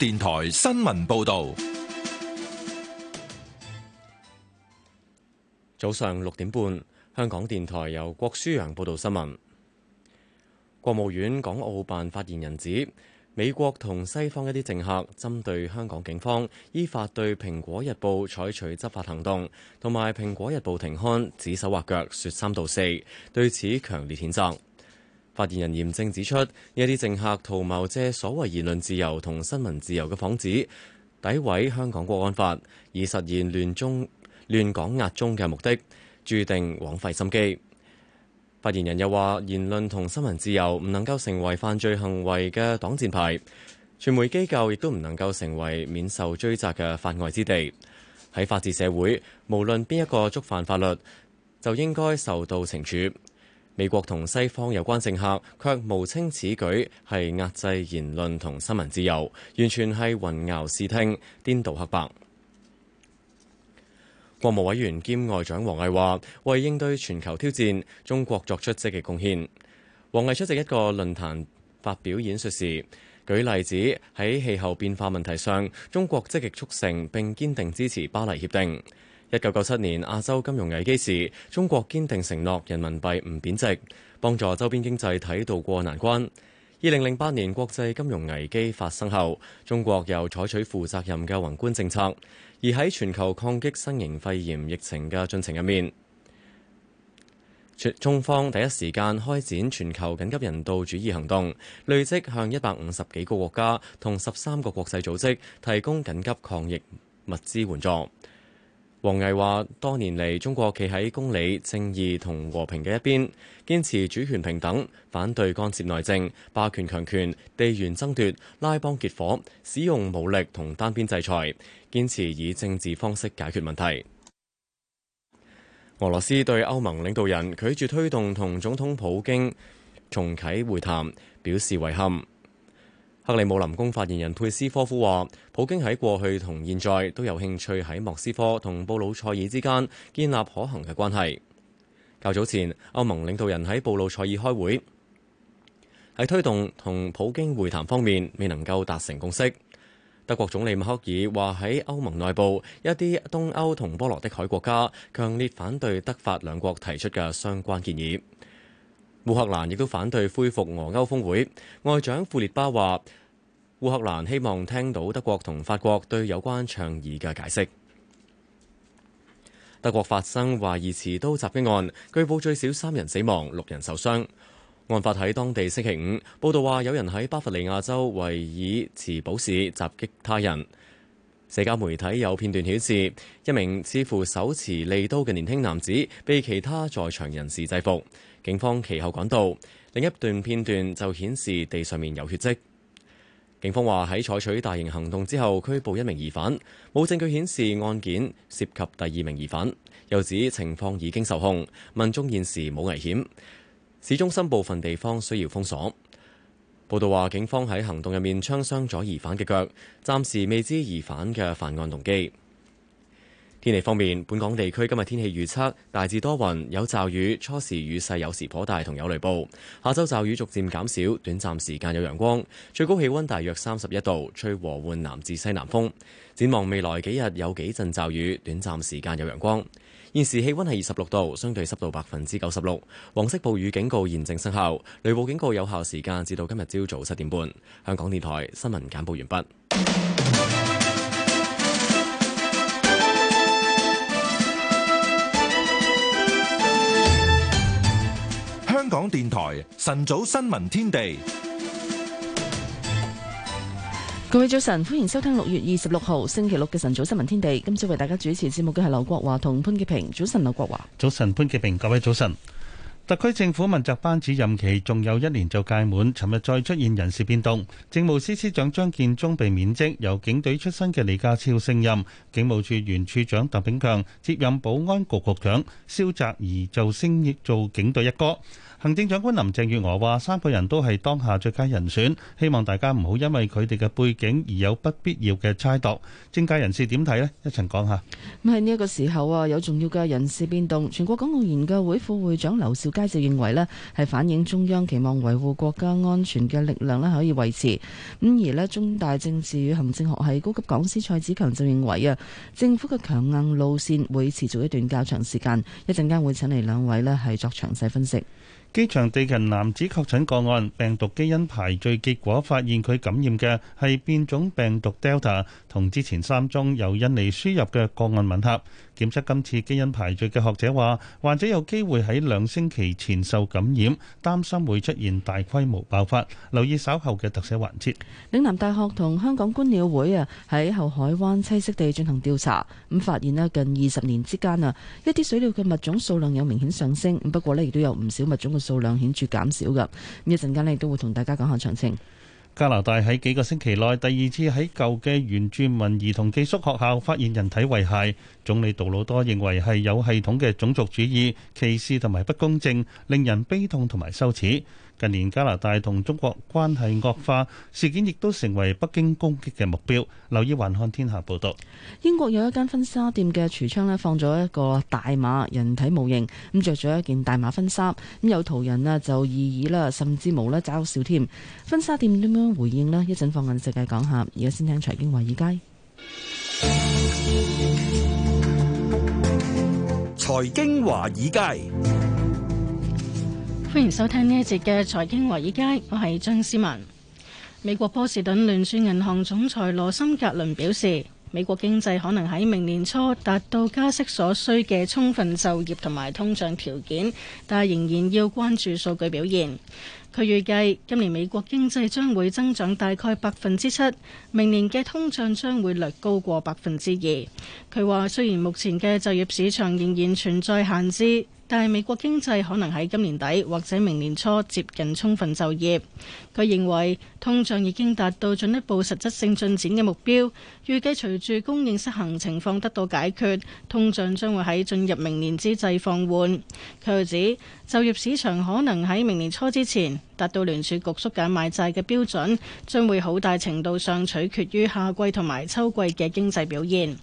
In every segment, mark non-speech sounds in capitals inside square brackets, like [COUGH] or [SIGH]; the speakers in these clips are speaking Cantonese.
電台新聞報道，早上六點半，香港電台由郭書陽報道新聞。國務院港澳辦發言人指，美國同西方一啲政客針對香港警方依法對《蘋果日報》採取執法行動，同埋《蘋果日報》停刊，指手畫腳，說三道四，對此強烈譴責。發言人嚴正指出，呢一啲政客圖謀借所謂言論自由同新聞自由嘅幌子，詆毀香港國安法，以實現亂中亂港壓中嘅目的，注定枉費心機。發言人又話，言論同新聞自由唔能夠成為犯罪行為嘅擋箭牌，傳媒機構亦都唔能夠成為免受追責嘅法外之地。喺法治社會，無論邊一個觸犯法律，就應該受到懲處。美國同西方有關政客卻無稱此舉係壓制言論同新聞自由，完全係混淆視聽、顛倒黑白。國務委員兼外長王毅話：為應對全球挑戰，中國作出積極貢獻。王毅出席一個論壇發表演說時，舉例子喺氣候變化問題上，中國積極促成並堅定支持巴黎協定。一九九七年亞洲金融危機時，中國堅定承諾人民幣唔貶值，幫助周邊經濟體度過難關。二零零八年國際金融危機發生後，中國又採取負責任嘅宏觀政策。而喺全球抗擊新型肺炎疫情嘅進程入面，中方第一時間開展全球緊急人道主義行動，累積向一百五十幾個國家同十三個國際組織提供緊急抗疫物資援助。王毅話：多年嚟，中國企喺公理、正義同和平嘅一邊，堅持主權平等，反對干涉內政、霸權強權、地緣爭奪、拉幫結伙、使用武力同單邊制裁，堅持以政治方式解決問題。俄羅斯對歐盟領導人拒絕推動同總統普京重啟會談表示遺憾。克里姆林宮發言人佩斯科夫話，普京喺過去同現在都有興趣喺莫斯科同布魯塞爾之間建立可行嘅關係。較早前，歐盟領導人喺布魯塞爾開會，喺推動同普京會談方面未能夠達成共識。德國總理默克爾話，喺歐盟內部，一啲東歐同波羅的海國家強烈反對德法兩國提出嘅相關建議。烏克蘭亦都反對恢復俄歐峰會。外長庫列巴話，烏克蘭希望聽到德國同法國對有關倡疑嘅解釋。德國發生懷疑持刀襲擊案，據報最少三人死亡，六人受傷。案發喺當地星期五。報道話有人喺巴伐利亞州維爾茨堡市襲擊他人。社交媒體有片段顯示一名似乎手持利刀嘅年輕男子被其他在場人士制服。警方其後趕到，另一段片段就顯示地上面有血跡。警方話喺採取大型行動之後拘捕一名疑犯，冇證據顯示案件涉及第二名疑犯，又指情況已經受控，民眾現時冇危險，市中心部分地方需要封鎖。報道話警方喺行動入面槍傷咗疑犯嘅腳，暫時未知疑犯嘅犯案動機。天氣方面，本港地區今日天氣預測大致多雲，有驟雨，初時雨勢有時頗大，同有雷暴。下週驟雨逐漸減少，短暫時間有陽光。最高氣溫大約三十一度，吹和緩南至西南風。展望未來幾日有幾陣驟雨，短暫時間有陽光。現時氣溫係二十六度，相對濕度百分之九十六。黃色暴雨警告現正生效，雷暴警告有效時間至到今日朝早七點半。香港電台新聞簡報完畢。港電台晨早新聞天地，各位早晨，歡迎收聽六月二十六號星期六嘅晨早新聞天地。今朝為大家主持節目嘅係劉國華同潘潔平。早晨，劉國華。早晨，潘潔平。各位早晨。特區政府問責班子任期仲有一年就屆滿，尋日再出現人事變動，政務司司長張建宗被免職，由警隊出身嘅李家超升任，警務處原處長鄧炳強接任保安局局長，蕭澤怡就升做警隊一哥。行政長官林鄭月娥話：三個人都係當下最佳人選，希望大家唔好因為佢哋嘅背景而有不必要嘅猜度。政界人士點睇呢？一齊講下。咁喺呢一個時候啊，有重要嘅人事變動。全國港澳研究會副會長劉兆佳就認為呢係反映中央期望維護國家安全嘅力量咧，可以維持。咁而咧，中大政治與行政學系高級講師蔡子強就認為啊，政府嘅強硬路線會持續一段較長時間。一陣間會請嚟兩位呢係作詳細分析。機場地勤男子確診個案，病毒基因排序結果發現佢感染嘅係變種病毒 Delta，同之前三宗由印尼輸入嘅個案吻合。檢測今次基因排序嘅學者話，患者有機會喺兩星期前受感染，擔心會出現大規模爆發。留意稍後嘅特寫環節。嶺南大學同香港觀鳥會啊，喺後海灣棲息地進行調查，咁發現咧近二十年之間啊，一啲水鳥嘅物種數量有明顯上升。不過咧，亦都有唔少物種嘅數量顯著減少嘅。咁一陣間咧，都會同大家講下詳情。加拿大喺幾個星期內第二次喺舊嘅原住民兒童寄宿學校發現人體遺骸，總理杜魯多認為係有系統嘅種族主義、歧視同埋不公正，令人悲痛同埋羞恥。近年加拿大同中國關係惡化，事件亦都成為北京攻擊嘅目標。留意環看天下報道，英國有一間婚紗店嘅櫥窗咧放咗一個大碼人體模型，咁着咗一件大碼婚紗，咁有途人啊就異議啦，甚至無咧嘲笑添。婚紗店點樣回應咧？一陣放眼世界講下，而家先聽財經華爾街。財經華爾街。歡迎收聽呢一節嘅財經華爾街，我係張思文。美國波士頓聯儲銀行總裁羅森格倫表示，美國經濟可能喺明年初達到加息所需嘅充分就業同埋通脹條件，但係仍然要關注數據表現。佢預計今年美國經濟將會增長大概百分之七，明年嘅通脹將會略高過百分之二。佢話雖然目前嘅就業市場仍然存在限制。但係美國經濟可能喺今年底或者明年初接近充分就業。佢認為通脹已經達到進一步實質性進展嘅目標預計隨住供應失衡情況得到解決，通脹將會喺進入明年之際放緩。佢又指就業市場可能喺明年初之前達到聯儲局縮減買債嘅標準，將會好大程度上取決於夏季同埋秋季嘅經濟表現。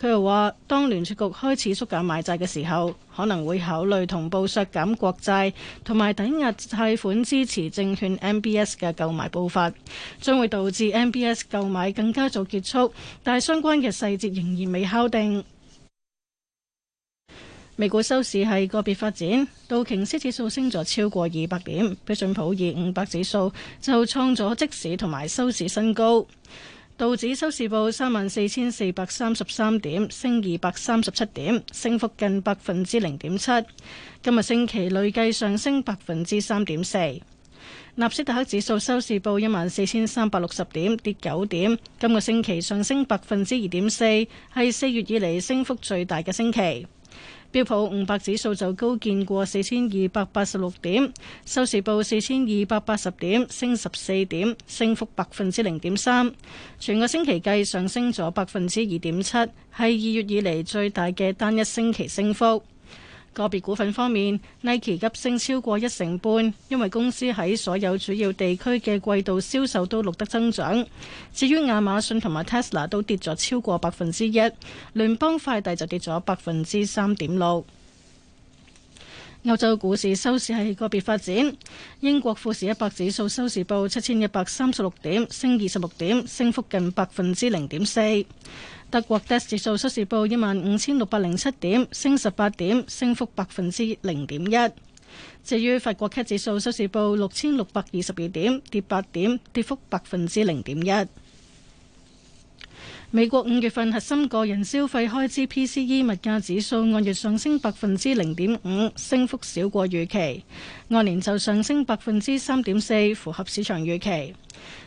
佢又話，當聯儲局開始縮減買債嘅時候，可能會考慮同步削減國債同埋抵押貸款支持證券 MBS。嘅購買步伐將會導致 MBS 購買更加早結束，但相關嘅細節仍然未敲定。美股收市係個別發展，道瓊斯指數升咗超過二百點，標準普爾五百指數就創咗即市同埋收市新高。道指收市報三萬四千四百三十三點，升二百三十七點，升幅近百分之零點七。今日星期累計上升百分之三點四。納斯達克指數收市報一萬四千三百六十點，跌九點。今個星期上升百分之二點四，係四月以嚟升幅最大嘅星期。標普五百指數就高見過四千二百八十六點，收市報四千二百八十點，升十四點，升幅百分之零點三。全個星期計上升咗百分之二點七，係二月以嚟最大嘅單一星期升幅。個別股份方面，Nike 急升超過一成半，因為公司喺所有主要地區嘅季度銷售都錄得增長。至於亞馬遜同埋 Tesla 都跌咗超過百分之一，聯邦快遞就跌咗百分之三點六。歐洲股市收市係個別發展，英國富時一百指數收市報七千一百三十六點，升二十六點，升幅近百分之零點四。德國 DAX 指數收市報一萬五千六百零七點，升十八點，升幅百分之零點一。至於法國 CAC 指數收市報六千六百二十二點，跌八點，跌幅百分之零點一。美國五月份核心個人消費開支 PCE 物價指數按月上升百分之零點五，升幅少過預期；按年就上升百分之三點四，符合市場預期。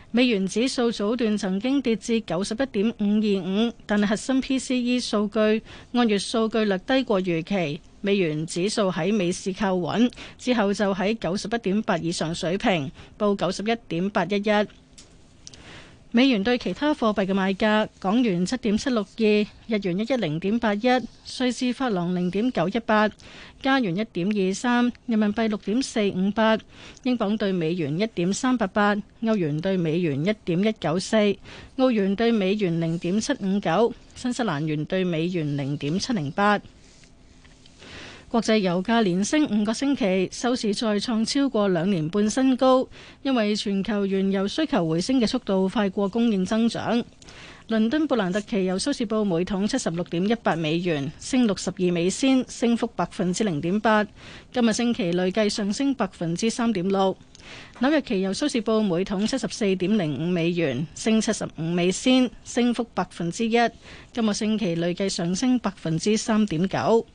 美元指數早段曾經跌至九十一點五二五，但核心 PCE 數據按月數據略低過預期，美元指數喺美市靠穩，之後就喺九十一點八以上水平報九十一點八一一。美元對其他貨幣嘅賣價：港元七點七六二，日元一一零點八一，瑞士法郎零點九一八，加元一點二三，人民幣六點四五八，英鎊對美元一點三八八，歐元對美元一點一九四，澳元對美元零點七五九，新西蘭元對美元零點七零八。國際油價連升五個星期，收市再創超過兩年半新高，因為全球原油需求回升嘅速度快過供應增長。倫敦布蘭特期油收市報每桶七十六點一八美元，升六十二美仙，升幅百分之零點八。今日星期累計上升百分之三點六。紐約期油收市報每桶七十四點零五美元，升七十五美仙，升幅百分之一。今個星期累計上升百分之三點九。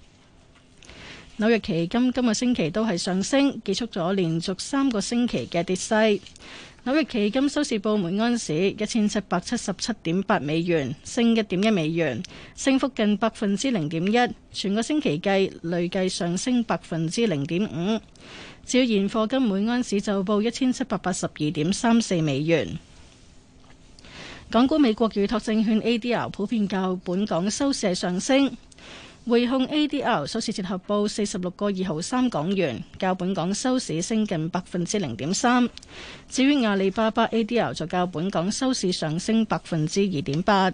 紐約期金今個星期都係上升，結束咗連續三個星期嘅跌勢。紐約期金收市報每安士一千七百七十七點八美元，升一點一美元，升幅近百分之零點一。全個星期計，累計上升百分之零點五。至於現貨金每安士就報一千七百八十二點三四美元。港股美國預託證券 ADR 普遍較本港收市上升。匯控 A D R 收市折合報四十六個二毫三港元，較本港收市升近百分之零點三。至於阿里巴巴 A D R 就較本港收市上升百分之二點八。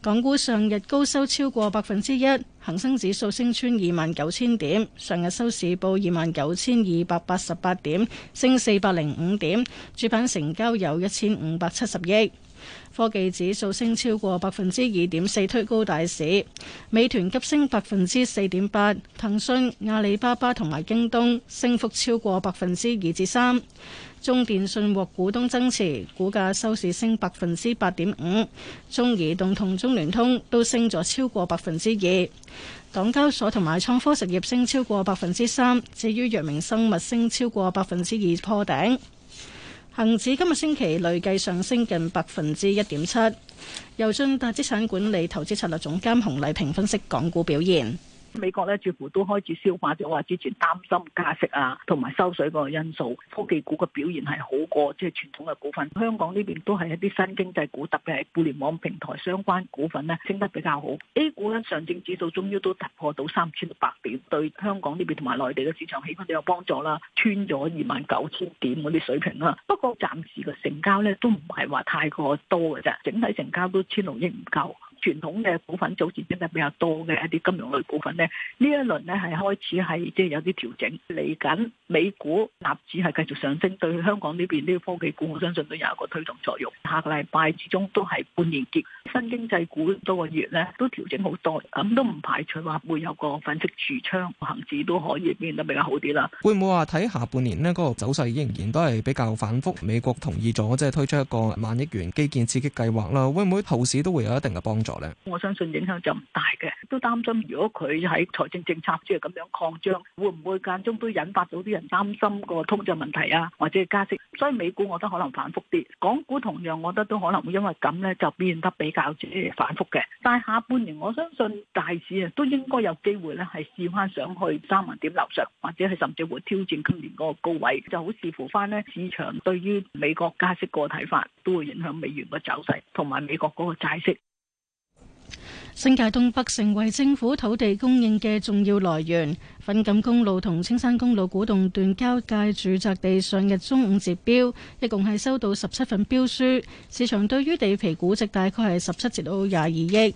港股上日高收超過百分之一，恒生指數升穿二萬九千點，上日收市報二萬九千二百八十八點，升四百零五點，主板成交有一千五百七十億。科技指數升超過百分之二點四，推高大市。美團急升百分之四點八，騰訊、阿里巴巴同埋京東升幅超過百分之二至三。中電信獲股東增持，股價收市升百分之八點五。中移動同中聯通都升咗超過百分之二。港交所同埋創科實業升超過百分之三。至於藥明生物升超過百分之二破頂。恒指今日星期累計上升近百分之一點七，由信達資產管理投資策略總監洪麗平分析港股表現。美國咧似乎都開始消化咗，我話之前擔心加息啊，同埋收水嗰個因素，科技股嘅表現係好過即係傳統嘅股份。香港呢邊都係一啲新經濟股，特別係互聯網平台相關股份咧，升得比較好。A 股咧，上證指數終於都突破到三千六百點，對香港呢邊同埋內地嘅市場氣氛都有幫助啦，穿咗二萬九千點嗰啲水平啦。不過暫時嘅成交咧都唔係話太過多嘅啫，整體成交都千六億唔夠。傳統嘅股份組成比較多嘅一啲金融類股份呢，呢一輪呢係開始係即係有啲調整。嚟緊美股納指係繼續上升，對香港呢邊啲科技股，我相信都有一個推動作用。下個禮拜始終都係半年結，新經濟股多個月呢都調整好多，咁、嗯、都唔排除話會有個粉飾櫥窗行市都可以變得比較好啲啦。會唔會話睇下半年呢嗰、那個走勢仍然，然都係比較反覆？美國同意咗即係推出一個萬億元基建刺激計劃啦，會唔會後市都會有一定嘅幫助？我相信影響就唔大嘅，都擔心如果佢喺財政政策即係咁樣擴張，會唔會間中都引發到啲人擔心個通脹問題啊，或者加息？所以美股我覺得可能反覆啲，港股同樣我覺得都可能會因為咁呢就變得比較即反覆嘅。但係下半年我相信大市啊，都應該有機會呢係試翻上去三萬點樓上，或者係甚至會挑戰今年嗰個高位，就好視乎翻呢市場對於美國加息個睇法，都會影響美元個走勢同埋美國嗰個債息。新界東北成為政府土地供應嘅重要來源，粉錦公路同青山公路古洞段交界住宅地上日中午截標，一共係收到十七份標書，市場對於地皮估值大概係十七至到廿二億。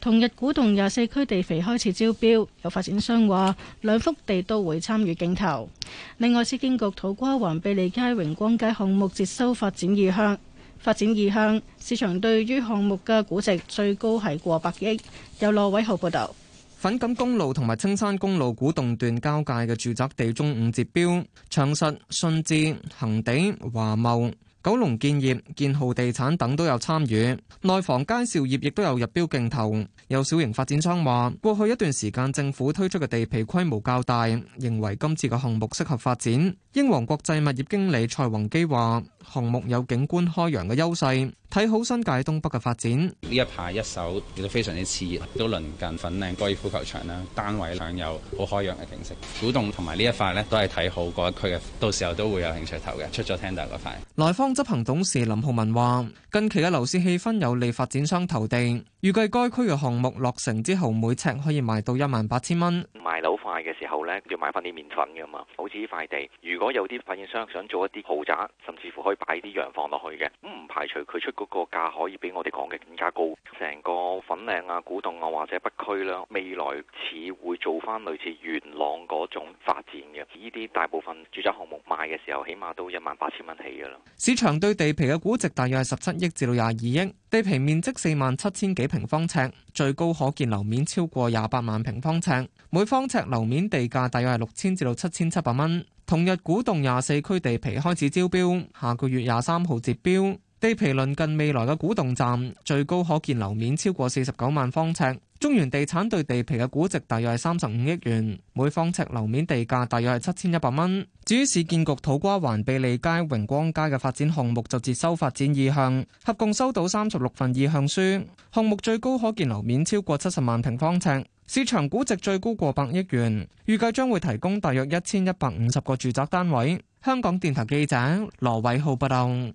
同日古洞廿四區地皮開始招標，有發展商話兩幅地都會參與競投。另外，市建局土瓜灣庇利街榮光街項目接收發展意向。發展意向，市場對於項目嘅估值最高係過百億。有羅偉浩報導，粉錦公路同埋青山公路古洞段交界嘅住宅地中午折標，長實、信置、恒地、華茂、九龍建業、建浩地產等都有參與。內房佳兆業亦都有入標競投。有小型發展商話，過去一段時間政府推出嘅地皮規模較大，認為今次嘅項目適合發展。英皇國際物業經理蔡宏基話。項目有景觀開揚嘅優勢，睇好新界東北嘅發展。呢一排一手亦都非常之熾熱，都鄰近粉嶺高爾夫球場啦，單位享有好開揚嘅景色。古洞同埋呢一塊呢都係睇好嗰一區嘅，到時候都會有興趣投嘅。出咗 tender 嗰塊。萊坊執行董事林浩文話：近期嘅樓市氣氛有利發展商投地。預計該區嘅項目落成之後，每呎可以賣到一萬八千蚊。賣樓快嘅時候呢，要買翻啲麵粉噶嘛。好似呢塊地，如果有啲發展商想做一啲豪宅，甚至乎可以擺啲洋房落去嘅，咁唔排除佢出嗰個價可以比我哋講嘅更加高。成個粉嶺啊、古洞啊或者北區啦，未來似會做翻類似元朗嗰種發展嘅。依啲大部分住宅項目賣嘅時候，起碼都一萬八千蚊起噶啦。市場對地皮嘅估值大約係十七億至到廿二億。地皮面積四萬七千幾平方尺，最高可建樓面超過廿八萬平方尺，每方尺樓面地價大約係六千至到七千七百蚊。同日，古洞廿四區地皮開始招標，下個月廿三號截標。地皮鄰近未來嘅古洞站，最高可見樓面超過四十九萬方尺。中原地產對地皮嘅估值大約係三十五億元，每方尺樓面地價大約係七千一百蚊。至於市建局土瓜灣庇利街榮光街嘅發展項目，就接收發展意向，合共收到三十六份意向書。項目最高可見樓面超過七十萬平方尺，市場估值最高過百億元，預計將會提供大約一千一百五十個住宅單位。香港電台記者羅偉浩報道。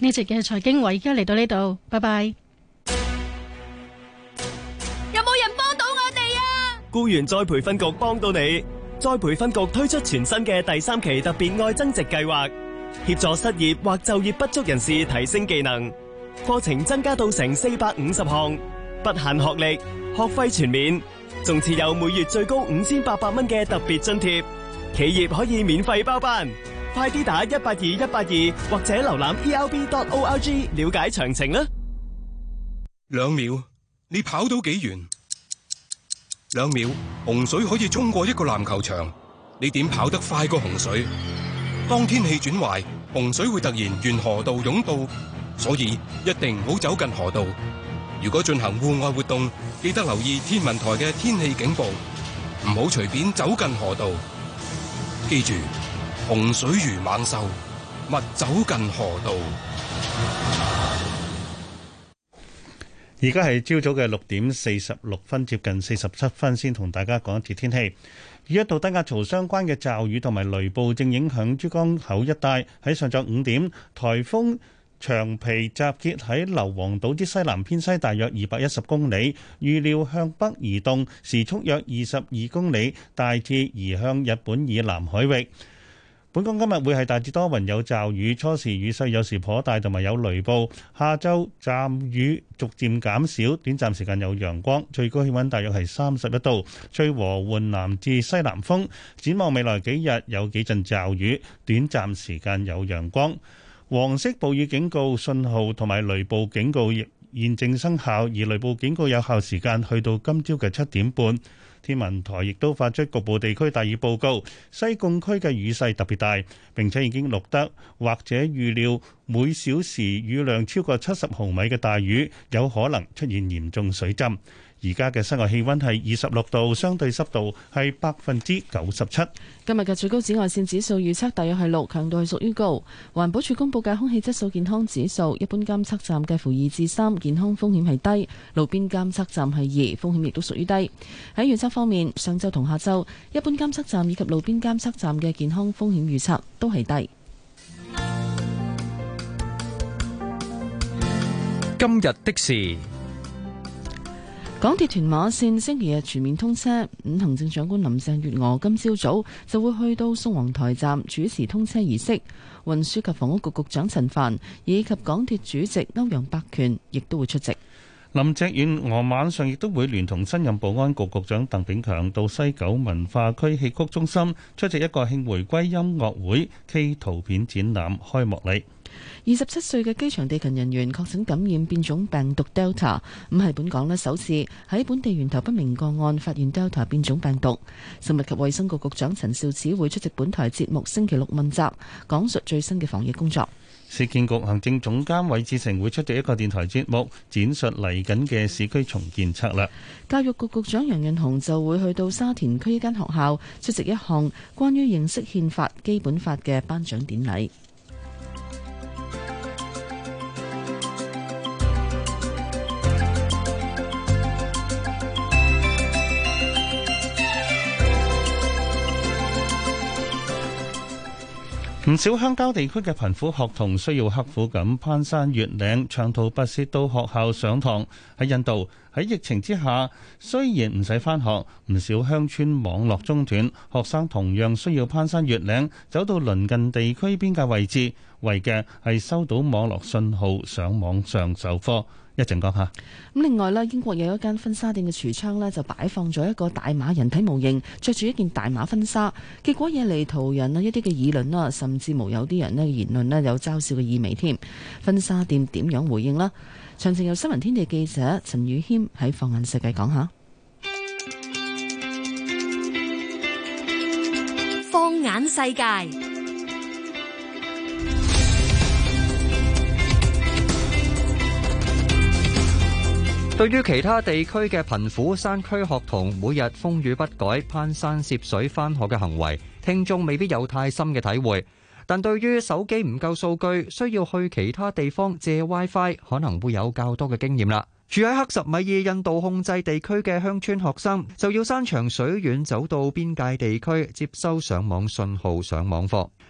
呢集嘅財經我而家嚟到呢度，拜拜。有冇人幫到我哋啊？僱員再培訓局幫到你。再培訓局推出全新嘅第三期特別愛增值計劃，協助失業或就業不足人士提升技能。課程增加到成四百五十項，不限學歷，學費全免，仲設有每月最高五千八百蚊嘅特別津貼。企業可以免費包班。快啲打一八二一八二，或者瀏覽 e l b dot o r g 了解詳情啦。兩秒，你跑到幾遠？兩秒，洪水可以衝過一個籃球場，你點跑得快過洪水？當天氣轉壞，洪水會突然沿河道湧到，所以一定唔好走近河道。如果進行戶外活動，記得留意天文台嘅天氣警報，唔好隨便走近河道。記住。洪水如猛獸，勿走近河道。而家係朝早嘅六點四十六分，接近四十七分，先同大家講一次天氣。與一道低壓槽相關嘅驟雨同埋雷暴正影響珠江口一帶。喺上晝五點，颱風長皮集結喺硫磺島之西南偏西，大約二百一十公里。預料向北移動，時速約二十二公里，大致移向日本以南海域。本港今日會係大致多雲有驟雨，初時雨勢有時頗大，同埋有雷暴。下週暫雨逐漸減少，短暫時間有陽光，最高氣温大約係三十一度，吹和緩南至西南風。展望未來幾日有幾陣驟雨，短暫時間有陽光。黃色暴雨警告信號同埋雷暴警告現正生效，而雷暴警告有效時間去到今朝嘅七點半。天文台亦都發出局部地區大雨報告，西貢區嘅雨勢特別大，並且已經錄得或者預料每小時雨量超過七十毫米嘅大雨，有可能出現嚴重水浸。而家嘅室外氣溫係二十六度，相對濕度係百分之九十七。今日嘅最高紫外線指數預測大約係六，強度係屬於高。環保署公布嘅空氣質素健康指數，一般監測站介乎二至三，健康風險係低；路邊監測站係二，風險亦都屬於低。喺預測方面，上周同下周一般監測站以及路邊監測站嘅健康風險預測都係低。今日的事。港鐵屯馬線星期日全面通車，五行政長官林鄭月娥今朝早，早就會去到宋皇台站主持通車儀式，運輸及房屋局局長陳帆以及港鐵主席歐陽伯權亦都會出席。林鄭月娥晚上亦都會聯同新任保安局局長鄧炳強到西九文化區戲曲中心出席一個慶回歸音樂會暨圖片展覽開幕禮。二十七歲嘅機場地勤人員確診感染變種病毒 Delta，咁係本港呢首次喺本地源頭不明個案發現 Delta 變種病毒。食物及衛生局局長陳肇始會出席本台節目星期六問責，講述最新嘅防疫工作。市建局行政總監韋志成會出席一個電台節目，展述嚟緊嘅市區重建策略。教育局局長楊潤雄就會去到沙田區一間學校出席一項關於認識憲法基本法嘅頒獎典禮。唔少鄉郊地區嘅貧苦學童需要刻苦咁攀山越嶺，長途跋涉到學校上堂。喺印度，喺疫情之下，雖然唔使返學，唔少鄉村網絡中斷，學生同樣需要攀山越嶺，走到鄰近地區邊界位置，為嘅係收到網絡信號，上網上授課。一陣講下。咁另外咧，英國有一間婚紗店嘅櫥窗咧，就擺放咗一個大碼人體模型，着住一件大碼婚紗，結果惹嚟途人啦一啲嘅議論啦，甚至乎有啲人咧言論咧有嘲笑嘅意味添。婚紗店點樣回應咧？詳情由新聞天地記者陳宇謙喺放眼世界講下。放眼世界。對於其他地區嘅貧苦山區學童，每日風雨不改攀山涉水返學嘅行為，聽眾未必有太深嘅體會。但對於手機唔夠數據，需要去其他地方借 WiFi，可能會有較多嘅經驗啦。住喺克什米爾印度控制地區嘅鄉村學生，就要山長水遠走到邊界地區接收上網信號上網課。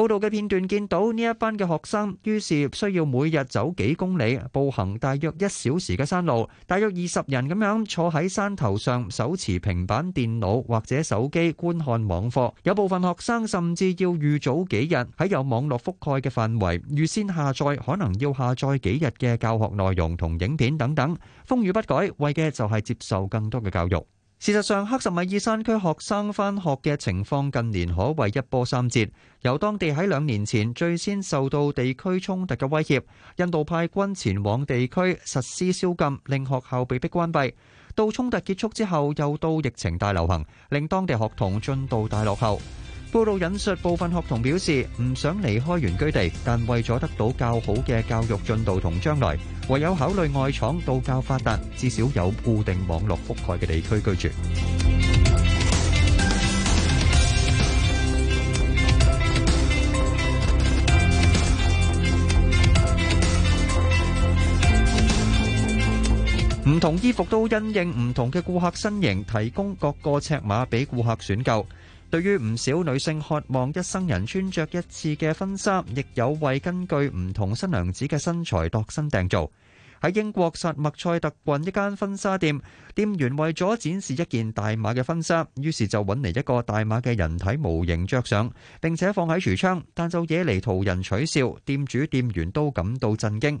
報道嘅片段見到呢一班嘅學生，於是需要每日走幾公里，步行大約一小時嘅山路，大約二十人咁樣坐喺山頭上，手持平板電腦或者手機觀看網課。有部分學生甚至要預早幾日喺有網絡覆蓋嘅範圍，預先下載可能要下載幾日嘅教學內容同影片等等。風雨不改，為嘅就係接受更多嘅教育。事實上，克什米爾山區學生返學嘅情況近年可謂一波三折。由當地喺兩年前最先受到地區衝突嘅威脅，印度派軍前往地區實施宵禁，令學校被逼關閉；到衝突結束之後，又到疫情大流行，令當地學童進度大落後。報道引述部分學童表示，唔想離開原居地，但為咗得到較好嘅教育進度同將來，唯有考慮外廠到較發達、至少有固定網絡覆蓋嘅地區居住。唔 [MUSIC] 同衣服都因應唔同嘅顧客身形，提供各個尺碼俾顧客選購。對於唔少女性渴望一生人穿着一次嘅婚紗，亦有為根據唔同新娘子嘅身材度身訂做。喺英國薩默塞特郡一間婚紗店，店員為咗展示一件大碼嘅婚紗，於是就揾嚟一個大碼嘅人體模型着上，並且放喺櫥窗，但就惹嚟途人取笑，店主、店員都感到震驚。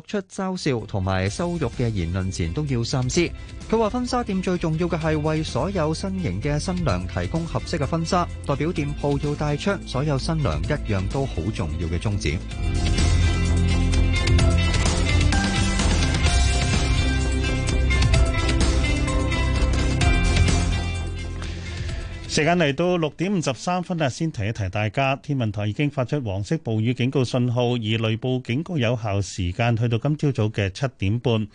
出嘲笑同埋羞辱嘅言論前都要三思。佢話婚紗店最重要嘅係為所有身形嘅新娘提供合適嘅婚紗，代表店鋪要帶出所有新娘一樣都好重要嘅宗旨。時間嚟到六點五十三分啦，先提一提大家，天文台已經發出黃色暴雨警告信號，而雷暴警告有效時間去到今朝早嘅七點半。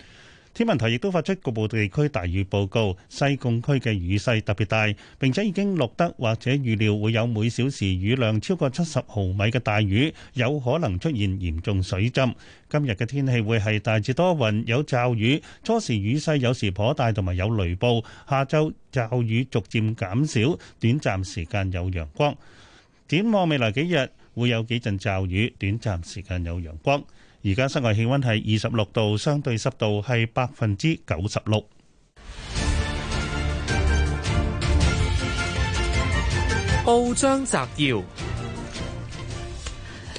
天文台亦都發出局部地區大雨報告，西貢區嘅雨勢特別大，並且已經錄得或者預料會有每小時雨量超過七十毫米嘅大雨，有可能出現嚴重水浸。今日嘅天氣會係大致多雲，有驟雨，初時雨勢有時頗大，同埋有雷暴。下晝驟雨逐漸減，減少，短暫時間有陽光。展望未來幾日，會有幾陣驟雨，短暫時間有陽光。而家室外氣溫係二十六度，相對濕度係百分之九十六。報章摘要，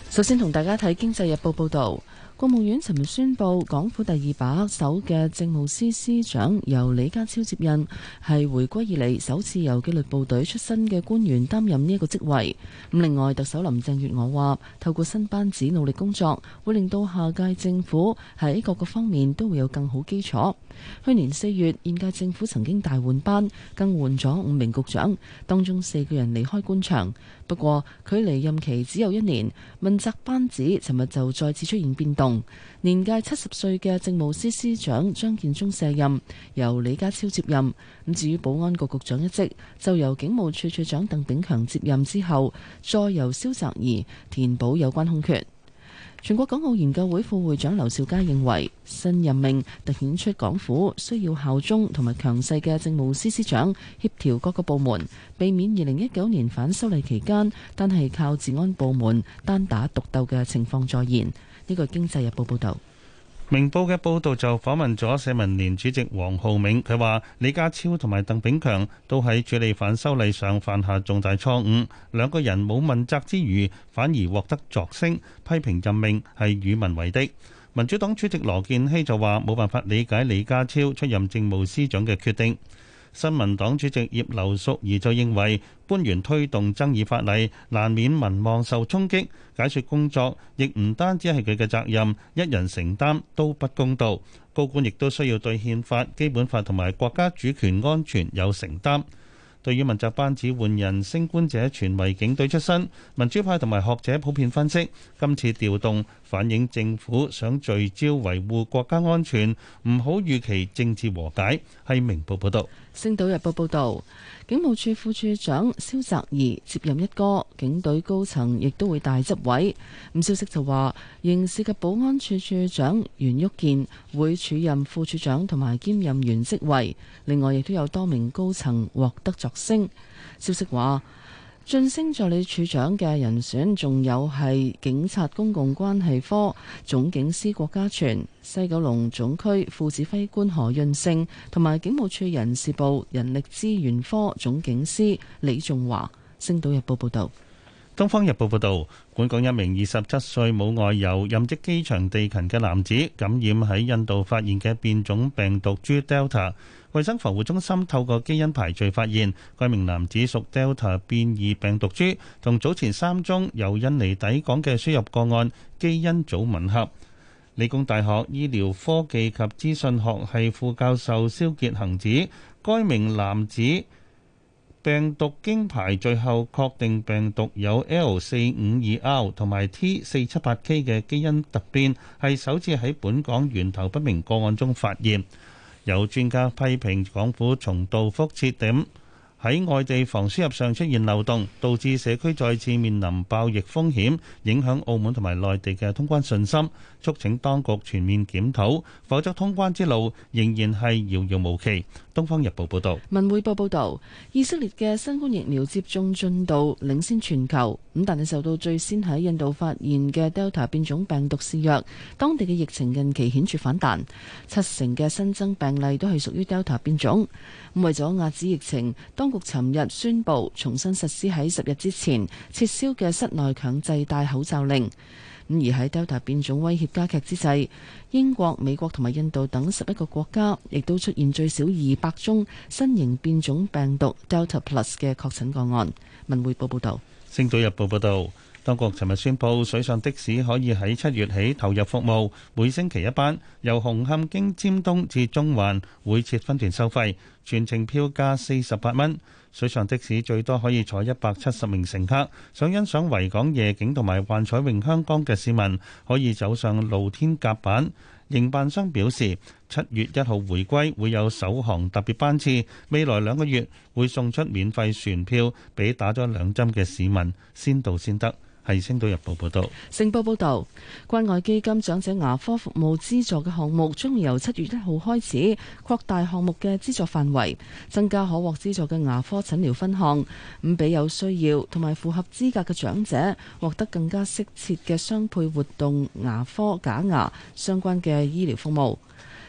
首先同大家睇《經濟日報》報道。國務院尋日宣布，港府第二把手嘅政務司司長由李家超接任，係回歸以嚟首次由紀律部隊出身嘅官員擔任呢一個職位。咁另外，特首林鄭月娥話，透過新班子努力工作，會令到下屆政府喺各個方面都會有更好基礎。去年四月，現屆政府曾經大換班，更換咗五名局長，當中四個人離開官場。不過距離任期只有一年，問責班子尋日就再次出現變動。年屆七十歲嘅政務司司長張建宗卸任，由李家超接任。咁至於保安局局長一職，就由警務處處長鄧炳強接任之後，再由蕭澤頤填補有關空缺。全國港澳研究會副會長劉兆佳認為，新任命突顯出港府需要效忠同埋強勢嘅政務司司長協調各個部門，避免二零一九年反修例期間單係靠治安部門單打獨鬥嘅情況再現。呢個《經濟日報》報道。明報嘅報導就訪問咗社民連主席黃浩銘，佢話李家超同埋鄧炳強都喺處理反修例上犯下重大錯誤，兩個人冇問責之餘，反而獲得作聲，批評任命係與民為敵。民主黨主席羅健熙就話冇辦法理解李家超出任政務司長嘅決定。新民黨主席葉劉淑儀就認為，官員推動爭議法例，難免民望受衝擊，解說工作亦唔單止係佢嘅責任，一人承擔都不公道。高官亦都需要對憲法、基本法同埋國家主權安全有承擔。對於問責班子換人升官者，全為警隊出身，民主派同埋學者普遍分析，今次調動。反映政府想聚焦維護國家安全，唔好預期政治和解。係《明報》報道。《星島日報》報道，警務處副處長蕭澤頤接任一哥，警隊高層亦都會大執位。咁消息就話刑事及保安處處長袁旭健會署任副處長同埋兼任原職位，另外亦都有多名高層獲得擢升，消息話。晉升助理處長嘅人選，仲有係警察公共關係科總警司國家全、西九龍總區副指揮官何潤勝，同埋警務處人事部人力資源科總警司李仲華。《星島日報》報道，《東方日報》報道，本港一名二十七歲冇外遊、任職機場地勤嘅男子，感染喺印度發現嘅變種病毒株 Delta。Del ta, 衛生防護中心透過基因排序發現，該名男子屬 Delta 變異病毒株，同早前三宗由印尼抵港嘅輸入個案基因組吻合。理工大學醫療科技及資訊學系副教授蕭傑恒指，該名男子病毒經排序後，確定病毒有 L 四五二 R 同埋 T 四七八 K 嘅基因突變，係首次喺本港源頭不明個案中發現。有專家批評港府重蹈覆轍點，喺外地防輸入上出現漏洞，導致社區再次面臨爆疫風險，影響澳門同埋內地嘅通關信心，促請當局全面檢討，否則通關之路仍然係遙遙無期。《東方日報》報導，《文匯報》報導，以色列嘅新冠疫苗接種進度領先全球，咁但係受到最先喺印度發現嘅 Delta 變種病毒肆虐，當地嘅疫情近期顯著反彈，七成嘅新增病例都係屬於 Delta 變種。咁為咗壓止疫情，當當局尋日宣布，重新實施喺十日之前撤銷嘅室內強制戴口罩令。咁而喺 Delta 變種威脅加劇之際，英國、美國同埋印度等十一個國家亦都出現最少二百宗新型變種病毒 Delta Plus 嘅確診個案。文匯報報道，星島日報報道。當局尋日宣布，水上的士可以喺七月起投入服務，每星期一班，由紅磡經尖東至中環，會設分段收費，全程票價四十八蚊。水上的士最多可以坐一百七十名乘客，想欣賞維港夜景同埋幻彩詠香江嘅市民，可以走上露天甲板。營辦商表示，七月一號回歸會有首航特別班次，未來兩個月會送出免費船票俾打咗兩針嘅市民，先到先得。.係《星島日報》報道，星報報道，關愛基金長者牙科服務資助嘅項目，將會由七月一號開始擴大項目嘅資助範圍，增加可獲資助嘅牙科診療分項，唔俾有需要同埋符合資格嘅長者，獲得更加適切嘅鑲配活動牙科假牙相關嘅醫療服務。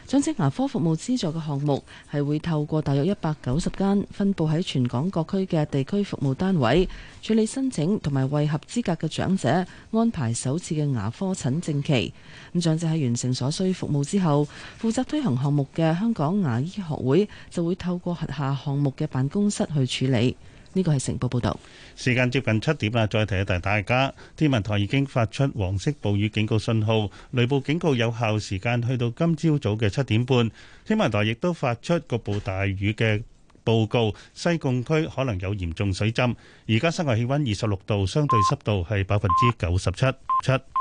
長者牙科服務資助嘅項目係會透過大約一百九十間分佈喺全港各區嘅地區服務單位處理申請，同埋為合資格嘅長者安排首次嘅牙科診症期。咁長者喺完成所需服務之後，負責推行項目嘅香港牙醫學會就會透過轄下項目嘅辦公室去處理。呢個係成報報道，時間接近七點啦，再提一提大家。天文台已經發出黃色暴雨警告信號，雷暴警告有效時間去到今朝早嘅七點半。天文台亦都發出局部大雨嘅報告，西貢區可能有嚴重水浸。而家室外氣溫二十六度，相對濕度係百分之九十七七。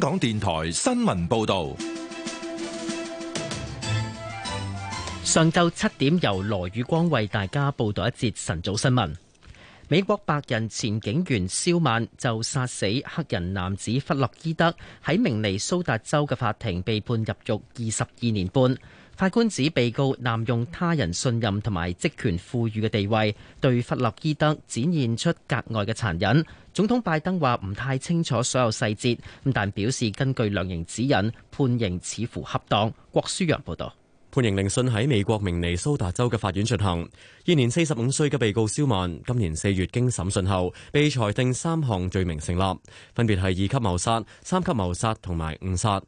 港電台新聞報道：上晝七點，由羅宇光為大家報道一節晨早新聞。美國白人前警員蕭曼就殺死黑人男子弗洛伊德，喺明尼蘇達州嘅法庭被判入獄二十二年半。法官指被告濫用他人信任同埋職權賦予嘅地位，對弗洛伊德展現出格外嘅殘忍。總統拜登話唔太清楚所有細節，咁但表示根據量刑指引判刑似乎恰當。郭書洋報道判刑聆訊喺美國明尼蘇達州嘅法院進行。現年四十五歲嘅被告肖曼今年四月經審訊後被裁定三項罪名成立，分別係二級謀殺三級謀殺同埋誤殺。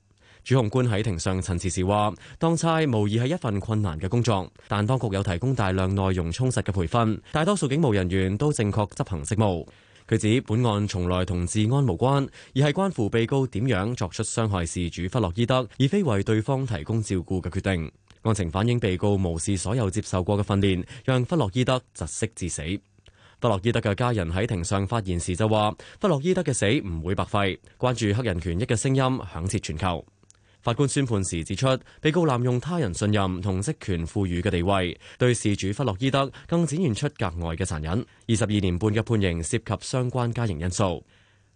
主控官喺庭上陳詞時話，當差無疑係一份困難嘅工作，但當局有提供大量內容充實嘅培訓，大多數警務人員都正確執行職務。佢指本案從來同治安無關，而係關乎被告點樣作出傷害事主弗洛伊德，而非為對方提供照顧嘅決定。案情反映被告無視所有接受過嘅訓練，讓弗洛伊德窒息致死。弗洛伊德嘅家人喺庭上發言時就話，弗洛伊德嘅死唔會白費，關注黑人權益嘅聲音響徹全球。法官宣判時指出，被告濫用他人信任同職權賦予嘅地位，對事主弗洛伊德更展現出格外嘅殘忍。二十二年半嘅判刑涉，涉及相關加刑因素。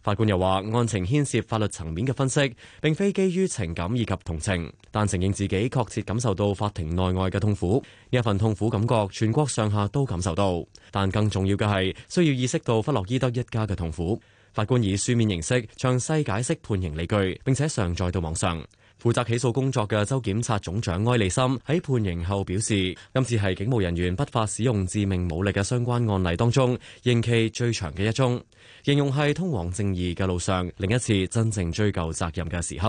法官又話，案情牽涉法律層面嘅分析，並非基於情感以及同情，但承認自己確切感受到法庭內外嘅痛苦。呢一份痛苦感覺，全國上下都感受到。但更重要嘅係，需要意識到弗洛伊德一家嘅痛苦。法官以書面形式詳細解釋判刑理據，並且上載到網上。負責起訴工作嘅州檢察總長埃利森喺判刑後表示，今次係警務人員不法使用致命武力嘅相關案例當中，刑期最長嘅一宗，形容係通往正義嘅路上，另一次真正追究責任嘅時刻。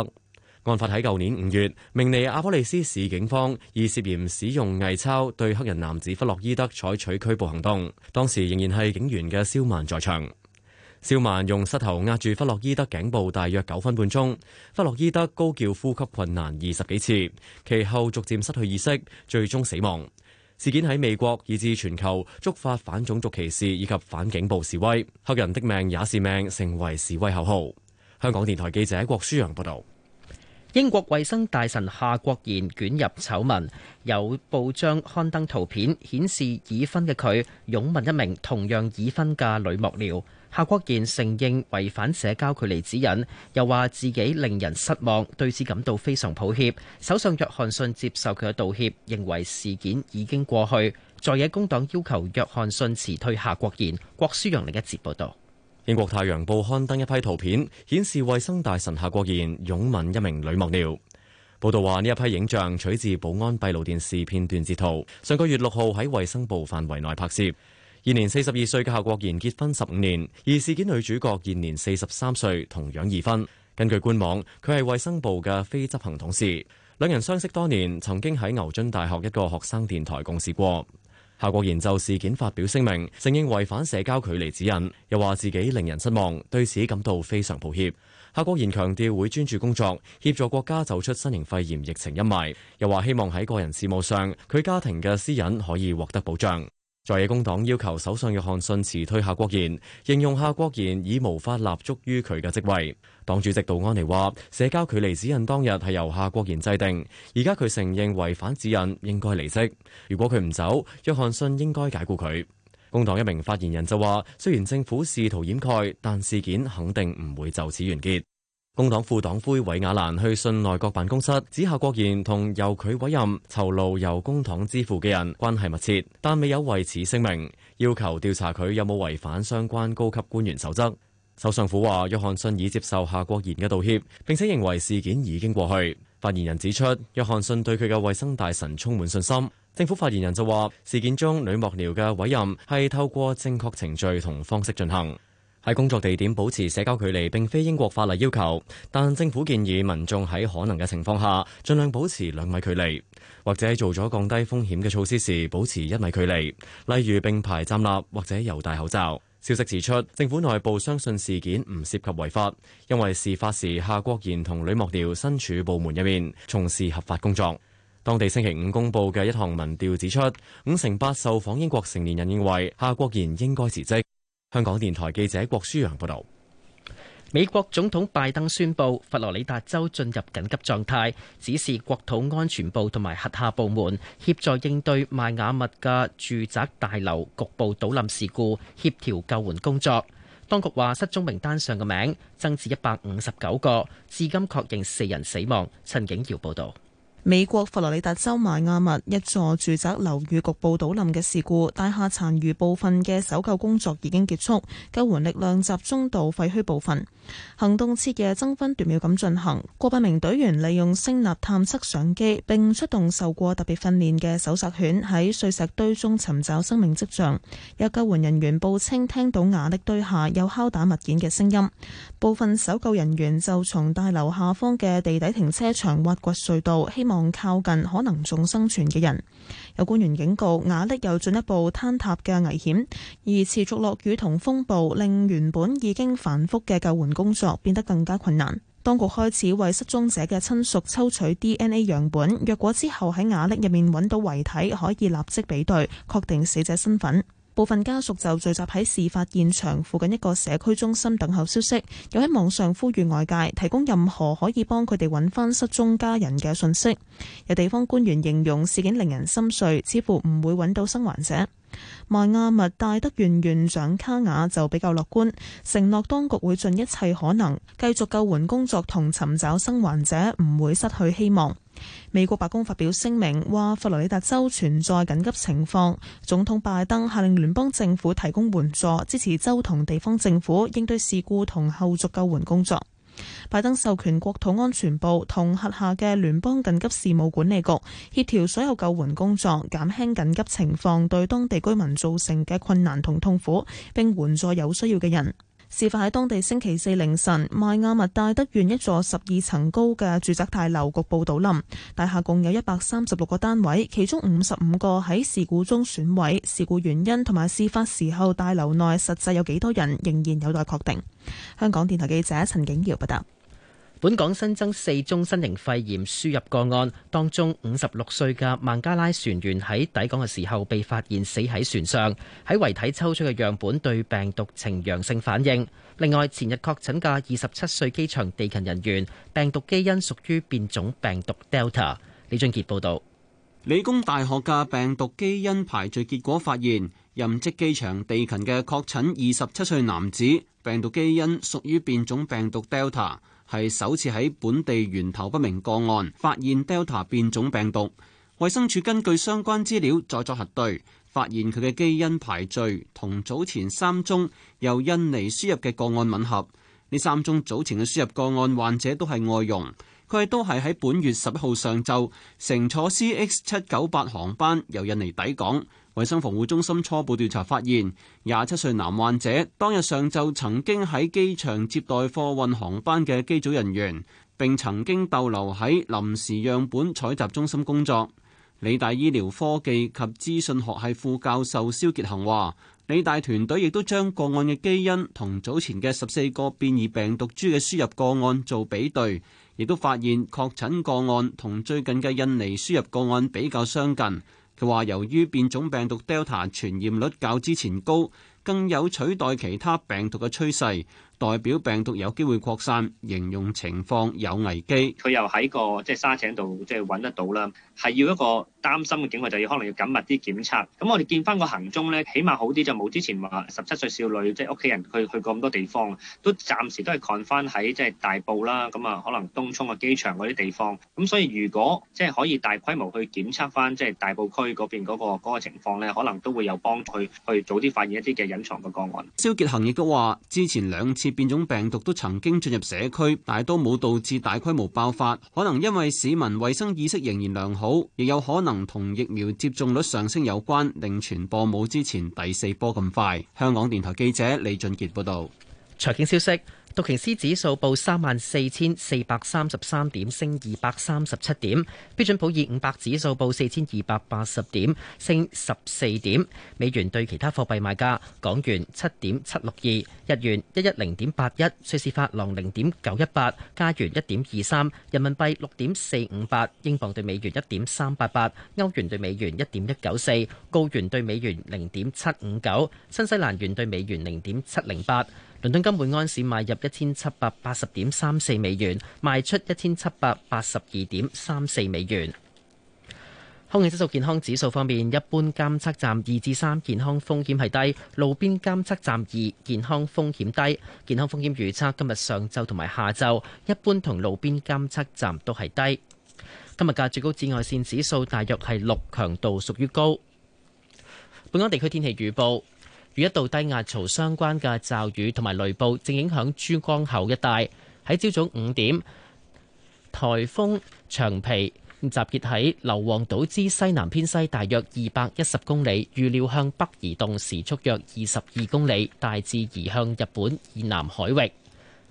案發喺舊年五月，明尼阿波利斯市警方以涉嫌使用偽鈔對黑人男子弗洛伊德採取拘捕行動，當時仍然係警員嘅肖曼在場。肖曼用膝頭壓住弗洛伊德頸部，大約九分半鐘。弗洛伊德高叫呼吸困難二十幾次，其後逐漸失去意識，最終死亡。事件喺美國以至全球觸發反種族歧視以及反警暴示威，黑人的命也是命，成為示威口號。香港電台記者郭舒揚報道。英國衛生大臣夏國賢捲入醜聞，有報章刊登圖片顯示，已婚嘅佢擁吻一名同樣已婚嘅女幕僚。夏國賢承認違反社交距離指引，又話自己令人失望，對此感到非常抱歉。首相約翰遜接受佢嘅道歉，認為事件已經過去。在野工黨要求約翰遜辭退夏國賢。郭書陽另一節報導，英國《太陽報》刊登一批圖片，顯示衛生大臣夏國賢擁吻一名女幕僚。報導話呢一批影像取自保安閉路電視片段截圖，上個月六號喺衛生部範圍內拍攝。現年四十二歲嘅夏國賢結婚十五年，而事件女主角現年四十三歲，同樣已婚。根據官網，佢係衛生部嘅非執行董事。兩人相識多年，曾經喺牛津大學一個學生電台共事過。夏國賢就事件發表聲明，承認違反社交距離指引，又話自己令人失望，對此感到非常抱歉。夏國賢強調會專注工作，協助國家走出新型肺炎疫情陰霾，又話希望喺個人事務上，佢家庭嘅私隱可以獲得保障。在野工黨要求首相約翰遜辭退夏國賢，形容夏國賢已無法立足於佢嘅職位。黨主席杜安尼話：社交距離指引當日係由夏國賢制定，而家佢承認違反指引，應該離職。如果佢唔走，約翰遜應該解雇佢。工黨一名發言人就話：雖然政府試圖掩蓋，但事件肯定唔會就此完結。工黨副黨魁韋亞蘭去信內閣辦公室，指夏國賢同由佢委任酬勞由工黨支付嘅人關係密切，但未有為此聲明，要求調查佢有冇違反相關高級官員守則。首相府話，約翰遜已接受夏國賢嘅道歉，並且認為事件已經過去。發言人指出，約翰遜對佢嘅衛生大臣充滿信心。政府發言人就話，事件中女幕僚嘅委任係透過正確程序同方式進行。喺工作地點保持社交距離並非英國法例要求，但政府建議民眾喺可能嘅情況下，盡量保持兩米距離，或者做咗降低風險嘅措施時保持一米距離，例如並排站立或者又戴口罩。消息指出，政府內部相信事件唔涉及違法，因為事發時夏國賢同呂莫調身處部門入面，從事合法工作。當地星期五公布嘅一項民調指出，五成八受訪英國成年人認為夏國賢應該辭職。香港電台記者郭舒揚報道，美國總統拜登宣布佛羅里達州進入緊急狀態，指示國土安全部同埋轄下部門協助應對邁亞密嘅住宅大樓局部倒冧事故，協調救援工作。當局話失蹤名單上嘅名增至一百五十九個，至今確認四人死亡。陳景瑤報道。美國佛羅里達州邁阿密一座住宅樓宇局部倒冧嘅事故，大廈殘餘部分嘅搜救工作已經結束，救援力量集中到廢墟部分，行動徹夜爭分奪秒咁進行。過百名隊員利用聲納探測相機，並出動受過特別訓練嘅搜救犬喺碎石堆中尋找生命跡象。有救援人員報稱聽到瓦礫堆下有敲打物件嘅聲音，部分搜救人員就從大樓下方嘅地底停車場挖掘隧道，希望望靠近可能仲生存嘅人，有官員警告瓦礫有進一步坍塌嘅危險，而持續落雨同風暴令原本已經繁複嘅救援工作變得更加困難。當局開始為失蹤者嘅親屬抽取 DNA 樣本，若果之後喺瓦礫入面揾到遺體，可以立即比對，確定死者身份。部分家屬就聚集喺事發現場附近一個社區中心等候消息，又喺網上呼籲外界提供任何可以幫佢哋揾翻失蹤家人嘅信息。有地方官員形容事件令人心碎，似乎唔會揾到生還者。邁亞密大德院院長卡雅就比較樂觀，承諾當局會盡一切可能繼續救援工作同尋找生還者，唔會失去希望。美國白宮發表聲明話，佛羅里達州存在緊急情況，總統拜登下令聯邦政府提供援助，支持州同地方政府應對事故同後續救援工作。拜登授權國土安全部同轄下嘅聯邦緊急事務管理局協調所有救援工作，減輕緊急情況對當地居民造成嘅困難同痛苦，並援助有需要嘅人。事發喺當地星期四凌晨，邁亞密戴德縣一座十二層高嘅住宅大樓局部倒冧。大廈共有一百三十六個單位，其中五十五個喺事故中損毀。事故原因同埋事發時候大樓內實際有幾多人，仍然有待確定。香港電台記者陳景瑤報道。本港新增四宗新型肺炎輸入個案，當中五十六歲嘅孟加拉船員喺抵港嘅時候被發現死喺船上，喺遺體抽出嘅樣本對病毒呈陽性反應。另外，前日確診嘅二十七歲機場地勤人員，病毒基因屬於變種病毒 Delta。李俊杰報道，理工大學嘅病毒基因排序結果發現，任職機場地勤嘅確診二十七歲男子，病毒基因屬於變種病毒 Delta。係首次喺本地源頭不明個案發現 Delta 變種病毒，衛生署根據相關資料再作核對，發現佢嘅基因排序同早前三宗由印尼輸入嘅個案吻合。呢三宗早前嘅輸入個案患者都係外傭，佢哋都係喺本月十一號上晝乘坐 CX 七九八航班由印尼抵港。衛生防護中心初步調查發現，廿七歲男患者當日上晝曾經喺機場接待貨運航班嘅機組人員，並曾經逗留喺臨時樣本採集中心工作。理大醫療科技及資訊學系副教授蕭傑恒話，理大團隊亦都將個案嘅基因同早前嘅十四個變異病毒株嘅輸入個案做比對，亦都發現確診個案同最近嘅印尼輸入個案比較相近。佢話：由於變種病毒 Delta 傳染率較之前高，更有取代其他病毒嘅趨勢。代表病毒有機會擴散，形容情況有危機，佢又喺個即係、就是、沙井度即係搵得到啦，係要一個擔心嘅景況，就要、是、可能要緊密啲檢測，咁我哋見翻個行蹤咧，起碼好啲就冇之前話十七歲少女即係屋企人去去過咁多地方，都暫時都係看翻喺即係大埔啦，咁啊可能東涌嘅機場嗰啲地方。咁所以如果即係、就是、可以大規模去檢測翻即係大埔區嗰邊嗰、那個嗰、那個情況咧，可能都會有幫佢去早啲發現一啲嘅隱藏嘅個案。肖傑恒亦都話之前兩次。變種病毒都曾經進入社區，但都冇導致大規模爆發，可能因為市民衛生意識仍然良好，亦有可能同疫苗接種率上升有關，令傳播冇之前第四波咁快。香港電台記者李俊杰報道。財經消息。道瓊斯指數報三萬四千四百三十三點，升二百三十七點。標準普爾五百指數報四千二百八十點，升十四點。美元對其他貨幣買價：港元七點七六二，日元一一零點八一，瑞士法郎零點九一八，加元一點二三，人民幣六點四五八，英鎊對美元一點三八八，歐元對美元一點一九四，高元對美元零點七五九，新西蘭元對美元零點七零八。倫敦金每安士買入一千七百八十點三四美元，賣出一千七百八十二點三四美元。空氣質素健康指數方面，一般監測站二至三，健康風險係低；路邊監測站二，健康風險低。健康風險預測今日上晝同埋下晝，一般同路邊監測站都係低。今日嘅最高紫外線指數大約係六，強度屬於高。本港地區天氣預報。與一道低壓槽相關嘅驟雨同埋雷暴正影響珠江口一帶。喺朝早五點，台風長皮集結喺硫磺島之西南偏西，大約二百一十公里。預料向北移動，時速約二十二公里，大致移向日本以南海域。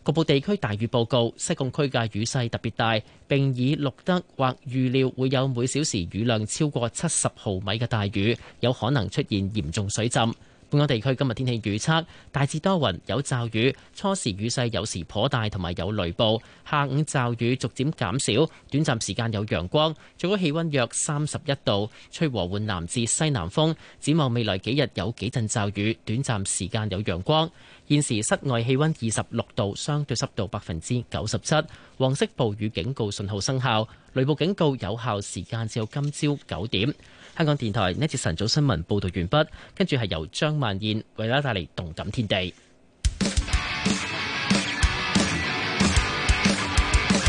局部地區大雨報告，西貢區嘅雨勢特別大，並以錄得或預料會有每小時雨量超過七十毫米嘅大雨，有可能出現嚴重水浸。本港地區今日天氣預測，大致多雲，有驟雨，初時雨勢有時頗大，同埋有雷暴。下午驟雨逐漸減，減，減少，短暫時間有陽光。最高氣温約三十一度，吹和緩南至西南風。展望未來幾日有幾陣驟雨，短暫時間有陽光。現時室外氣温二十六度，相對濕度百分之九十七。黃色暴雨警告信號生效，雷暴警告有效時間至到今朝九點。香港電台呢次晨早新聞報道完畢，跟住係由張曼燕為大家帶嚟動感天地。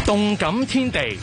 動感天地。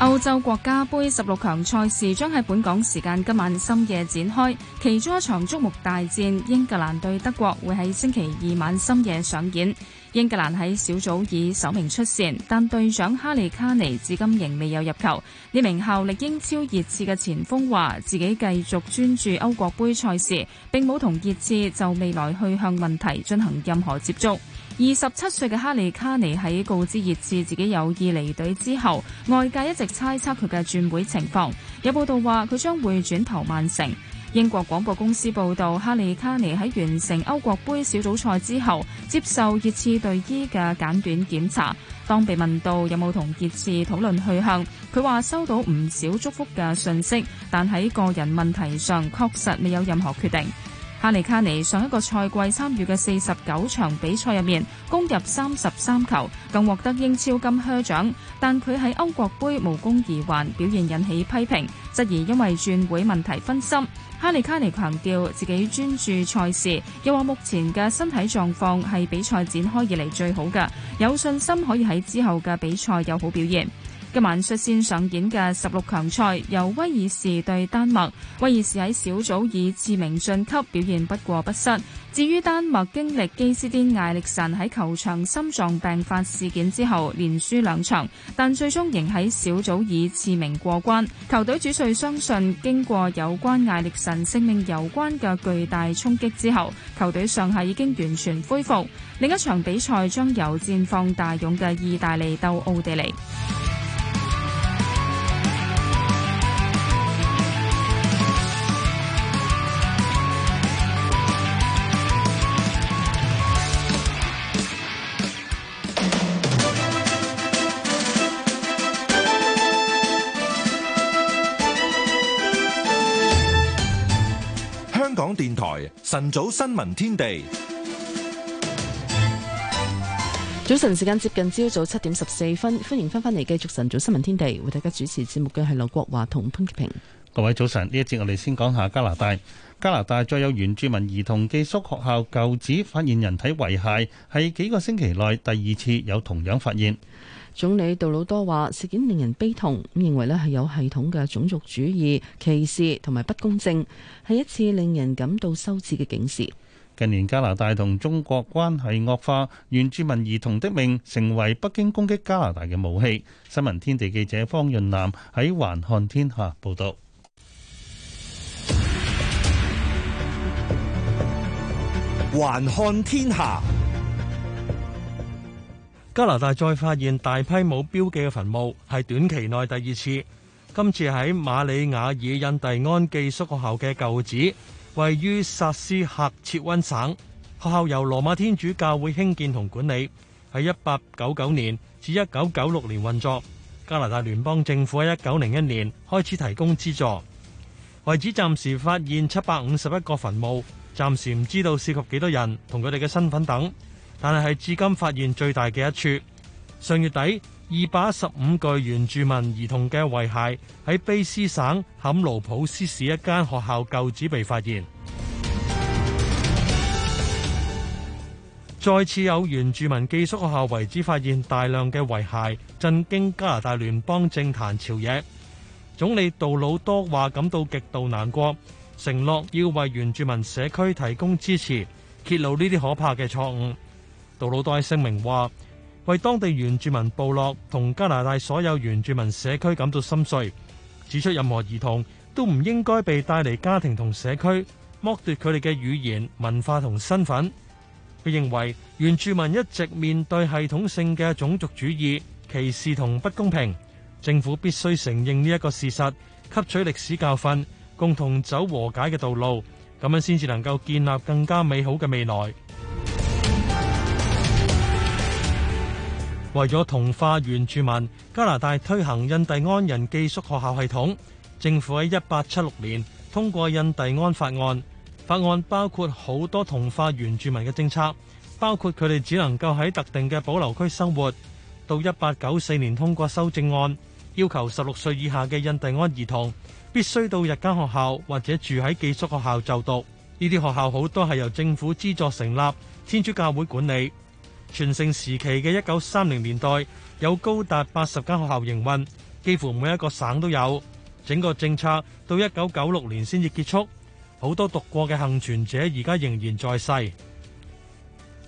歐洲國家杯十六強賽事將喺本港時間今晚深夜展開，其中一場矚目大戰英格蘭對德國會喺星期二晚深夜上演。英格蘭喺小組以首名出線，但隊長哈利卡尼至今仍未有入球。呢名效力英超熱刺嘅前鋒話，自己繼續專注歐國杯賽事，並冇同熱刺就未來去向問題進行任何接觸。二十七歲嘅哈利卡尼喺告知熱刺自己有意離隊之後，外界一直猜測佢嘅轉會情況。有報道話佢將會轉投曼城。英國廣播公司報道，哈利卡尼喺完成歐國杯小組賽之後，接受熱刺隊醫嘅簡短檢查。當被問到有冇同熱刺討論去向，佢話收到唔少祝福嘅信息，但喺個人問題上確實未有任何決定。哈利卡尼上一個賽季參與嘅四十九場比賽入面，攻入三十三球，更獲得英超金靴獎。但佢喺歐國杯無功而還，表現引起批評，質疑因為轉會問題分心。哈利卡尼強調自己專注賽事，又話目前嘅身體狀況係比賽展開以嚟最好嘅，有信心可以喺之後嘅比賽有好表現。今晚率先上演嘅十六強賽，由威爾士對丹麥。威爾士喺小組以次名晉級，表現不過不失。至於丹麥，經歷基斯甸艾力臣喺球場心臟病發事件之後，連輸兩場，但最終仍喺小組以次名過關。球隊主帥相信，經過有關艾力臣性命攸關嘅巨大衝擊之後，球隊上下已經完全恢復。另一場比賽將由戰放大勇嘅意大利鬥奧地利。晨早新聞天地，早晨時間接近朝早七點十四分，歡迎翻返嚟繼續晨早新聞天地，為大家主持節目嘅係劉國華同潘潔平。各位早晨，呢一節我哋先講下加拿大，加拿大再有原住民兒童寄宿學校舊址發現人體遺骸，係幾個星期內第二次有同樣發現。總理杜魯多話事件令人悲痛，咁認為咧係有系統嘅種族主義歧視同埋不公正，係一次令人感到羞恥嘅警示。近年加拿大同中國關係惡化，原住民兒童的命成為北京攻擊加拿大嘅武器。新聞天地記者方潤南喺環看天下報道。環看天下。加拿大再發現大批冇標記嘅墳墓，係短期內第二次。今次喺馬里亞爾印第安寄宿學校嘅舊址，位於薩斯喀徹溫省。學校由羅馬天主教會興建同管理，喺一八九九年至一九九六年運作。加拿大聯邦政府喺一九零一年開始提供資助。遺址暫時發現七百五十一個墳墓，暫時唔知道涉及幾多人同佢哋嘅身份等。但係係至今發現最大嘅一處。上月底，二百一十五具原住民兒童嘅遺骸喺卑斯省坎盧普斯市一間學校舊址被發現。 [NOISE] 再次有原住民寄宿學校遺址發現大量嘅遺骸，震驚加拿大聯邦政壇朝野。總理杜魯多話感到極度難過，承諾要為原住民社區提供支持，揭露呢啲可怕嘅錯誤。杜魯多喺聲明話：為當地原住民部落同加拿大所有原住民社區感到心碎，指出任何兒童都唔應該被帶嚟家庭同社區，剝奪佢哋嘅語言、文化同身份。佢認為原住民一直面對系統性嘅種族主義、歧視同不公平，政府必須承認呢一個事實，吸取歷史教訓，共同走和解嘅道路，咁樣先至能夠建立更加美好嘅未來。為咗同化原住民，加拿大推行印第安人寄宿學校系統。政府喺一八七六年通過印第安法案，法案包括好多同化原住民嘅政策，包括佢哋只能夠喺特定嘅保留區生活。到一八九四年通過修正案，要求十六歲以下嘅印第安兒童必須到日間學校或者住喺寄宿學校就讀。呢啲學校好多係由政府資助成立，天主教會管理。全盛時期嘅一九三零年代，有高達八十間學校營運，幾乎每一個省都有。整個政策到一九九六年先至結束，好多讀過嘅幸存者而家仍然在世。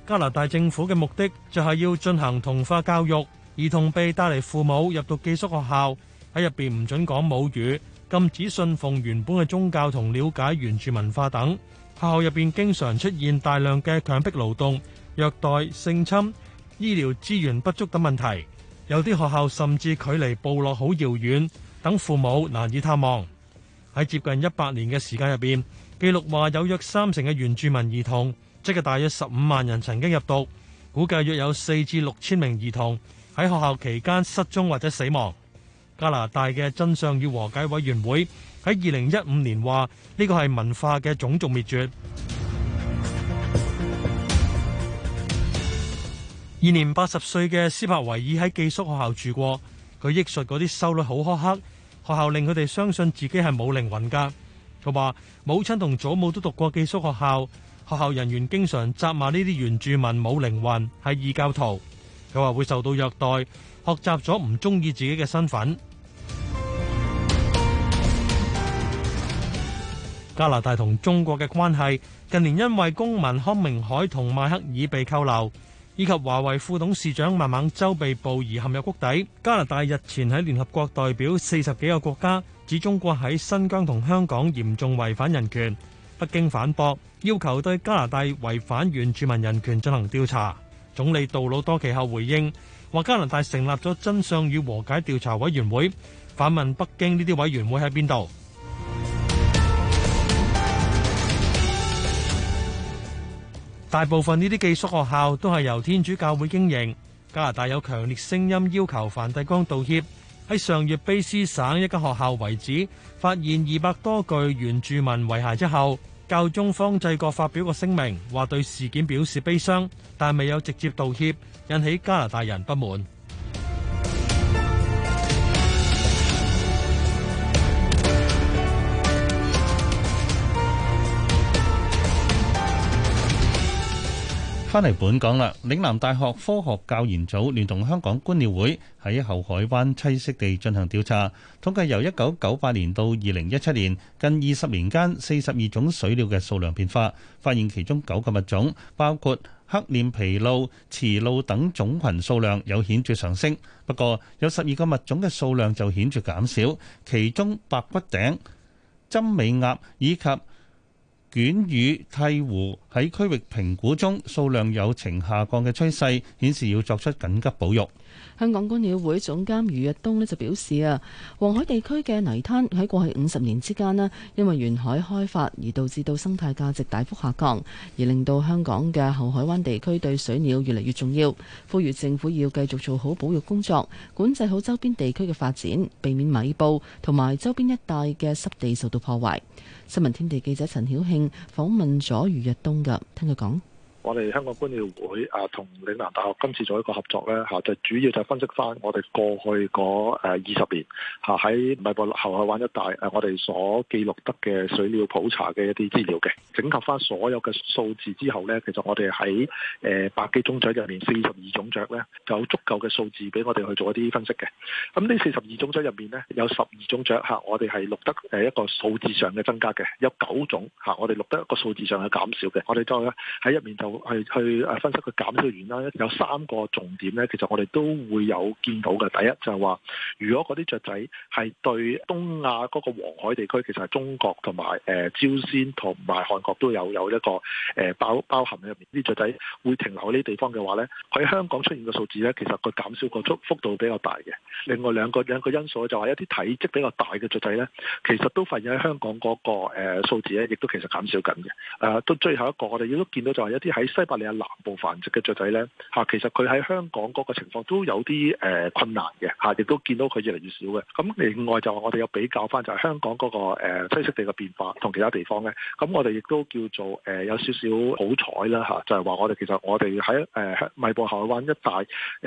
加拿大政府嘅目的就係要進行同化教育，兒童被帶嚟父母入讀寄宿學校，喺入邊唔准講母語，禁止信奉原本嘅宗教同了解原住文化等。學校入邊經常出現大量嘅強迫勞動。虐待、性侵、醫療資源不足等問題，有啲學校甚至距離部落好遙遠，等父母難以探望。喺接近一百年嘅時間入邊，記錄話有約三成嘅原住民兒童，即係大約十五萬人曾經入讀，估計約有四至六千名兒童喺學校期間失蹤或者死亡。加拿大嘅真相與和解委員會喺二零一五年話，呢個係文化嘅種族滅絕。現年八十歲嘅斯帕維爾喺寄宿學校住過，佢憶述嗰啲修女好苛刻，學校令佢哋相信自己係冇靈魂噶。佢話母親同祖母都讀過寄宿學校，學校人員經常責罵呢啲原住民冇靈魂係異教徒。佢話會受到虐待，學習咗唔中意自己嘅身份。加拿大同中國嘅關係近年因為公民康明凱同邁克爾被扣留，以及華為副董事長孟晚舟被捕而陷入谷底。加拿大日前喺聯合國代表四十幾個國家指中國喺新疆同香港嚴重違反人權，北京反駁要求對加拿大違反原住民人權進行調查。總理杜魯多其後回應話，加拿大成立咗真相與和解調查委員會，反問北京呢啲委員會喺邊度？大部分呢啲寄宿學校都係由天主教會經營。加拿大有強烈聲音要求梵蒂岡道歉。喺上月卑詩省一間學校遺址發現二百多具原住民遺骸之後，教宗方濟各發表個聲明，話對事件表示悲傷，但未有直接道歉，引起加拿大人不滿。翻嚟本港啦。嶺南大學科學教研組聯同香港觀鳥會喺後海灣棲息地進行調查，統計由一九九八年到二零一七年近二十年間四十二種水鳥嘅數量變化，發現其中九個物種，包括黑臉琵鷺、池鷺等種群數量有顯著上升，不過有十二個物種嘅數量就顯著減少，其中白骨頂、針尾鴨以及卷羽鵜鶘喺區域評估中數量有呈下降嘅趨勢，顯示要作出緊急保育。香港觀鳥會總監余日東咧，就表示啊，黃海地區嘅泥灘喺過去五十年之間咧，因為沿海開發而導致到生態價值大幅下降，而令到香港嘅後海灣地區對水鳥越嚟越重要。呼籲政府要繼續做好保育工作，管制好周邊地區嘅發展，避免米埔同埋周邊一帶嘅濕地受到破壞。新聞天地記者陳曉慶訪問咗余日東噉，聽佢講。我哋香港觀鳥會啊，同嶺南大學今次做一個合作咧，吓就主要就分析翻，我哋過去嗰誒二十年吓喺唔係個後海灣一帶誒，我哋所記錄得嘅水鳥普查嘅一啲資料嘅，整合翻所有嘅數字之後咧，其實我哋喺誒百幾種雀入面，四十二種雀咧就有足夠嘅數字俾我哋去做一啲分析嘅。咁呢四十二種雀入面咧，有十二種雀吓，我哋係錄得誒一個數字上嘅增加嘅；有九種吓，我哋錄得一個數字上嘅減少嘅。我哋再喺入面就。係去分析佢減少原因啦，有三個重點咧。其實我哋都會有見到嘅。第一就係話，如果嗰啲雀仔係對東亞嗰個黃海地區，其實係中國同埋誒朝鮮同埋韓國都有有一個誒、呃、包包含入面，啲雀仔會停留喺呢地方嘅話咧，佢喺香港出現嘅數字咧，其實佢減少個速幅度比較大嘅。另外兩個兩個因素就係一啲體積比較大嘅雀仔咧，其實都發現喺香港嗰，那個誒、呃、數字咧，亦都其實減少緊嘅。誒、呃，到最後一個我哋亦都見到就係一啲喺西伯利亞南部繁殖嘅雀仔咧，嚇，其實佢喺香港嗰個情況都有啲誒困難嘅，嚇，亦都見到佢越嚟越少嘅。咁另外就我哋有比較翻，就係香港嗰個誒棲息地嘅變化同其他地方咧。咁我哋亦都叫做誒有少少好彩啦，嚇，就係話我哋其實我哋喺誒米埔後海灣一帶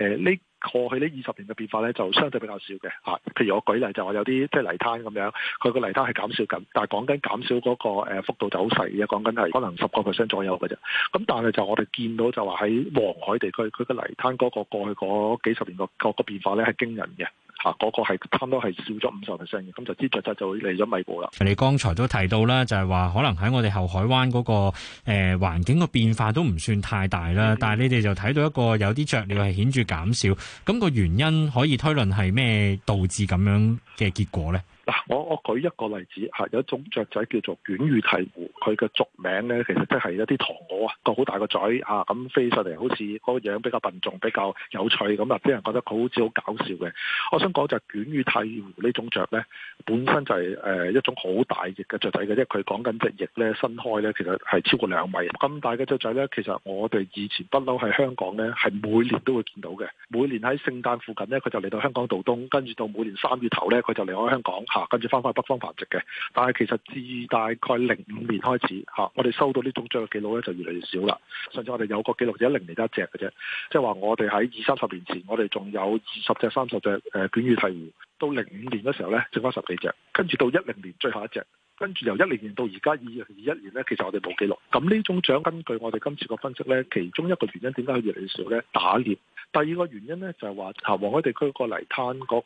誒呢。呃過去呢二十年嘅變化咧，就相對比較少嘅嚇、啊。譬如我舉例就話有啲即係泥灘咁樣，佢個泥灘係減少緊，但係講緊減少嗰、嗰個、呃、幅度就好細嘅，講緊係可能十個 percent 左右嘅啫。咁、嗯、但係就我哋見到就話喺黃海地區，佢個泥灘嗰、嗰個過去嗰幾十年個個、嗰個變化咧係驚人嘅。啊！嗰、那個係差唔多係少咗五十 percent 嘅，咁就啲雀仔就嚟咗米埔啦。你剛才都提到啦，就係、是、話可能喺我哋後海灣嗰、那個誒、呃、環境個變化都唔算太大啦，的但係你哋就睇到一個有啲雀鳥係顯著減少，咁、那個原因可以推論係咩導致咁樣嘅結果咧？嗱，我我舉一個例子嚇，有一種雀仔叫做卷羽鵜鶘，佢嘅俗名咧，其實即係一啲塘鵝啊，個好大個嘴啊，咁飛上嚟，好似個樣比較笨重，比較有趣，咁啊，啲人覺得佢好似好搞笑嘅。我想講就係卷羽鵜鶘呢種雀咧，本身就係、是、誒、呃、一種好大翼嘅雀仔嘅啫。佢講緊隻翼咧伸開咧，其實係超過兩米咁大嘅雀仔咧。其實我哋以前不嬲喺香港咧，係每年都會見到嘅。每年喺聖誕附近咧，佢就嚟到香港度冬，跟住到每年三月頭咧，佢就離開香港。嚇，跟住翻返北方繁殖嘅，但係其實自大概零五年開始嚇、啊，我哋收到種呢種雀嘅記錄咧就越嚟越少啦。甚至我哋有個記錄就只一零年得一隻嘅啫，即係話我哋喺二三十年前，我哋仲有二十隻、三十隻誒卷羽鵜鶘，到零五年嘅時候咧剩翻十幾隻，跟住到一零年最後一隻，跟住由一零年到而家二二一年咧，其實我哋冇記錄。咁呢種雀根據我哋今次個分析咧，其中一個原因點解佢越嚟越少咧？打獵。第二個原因咧，就係話啊，黃海地區、嗰個泥灘個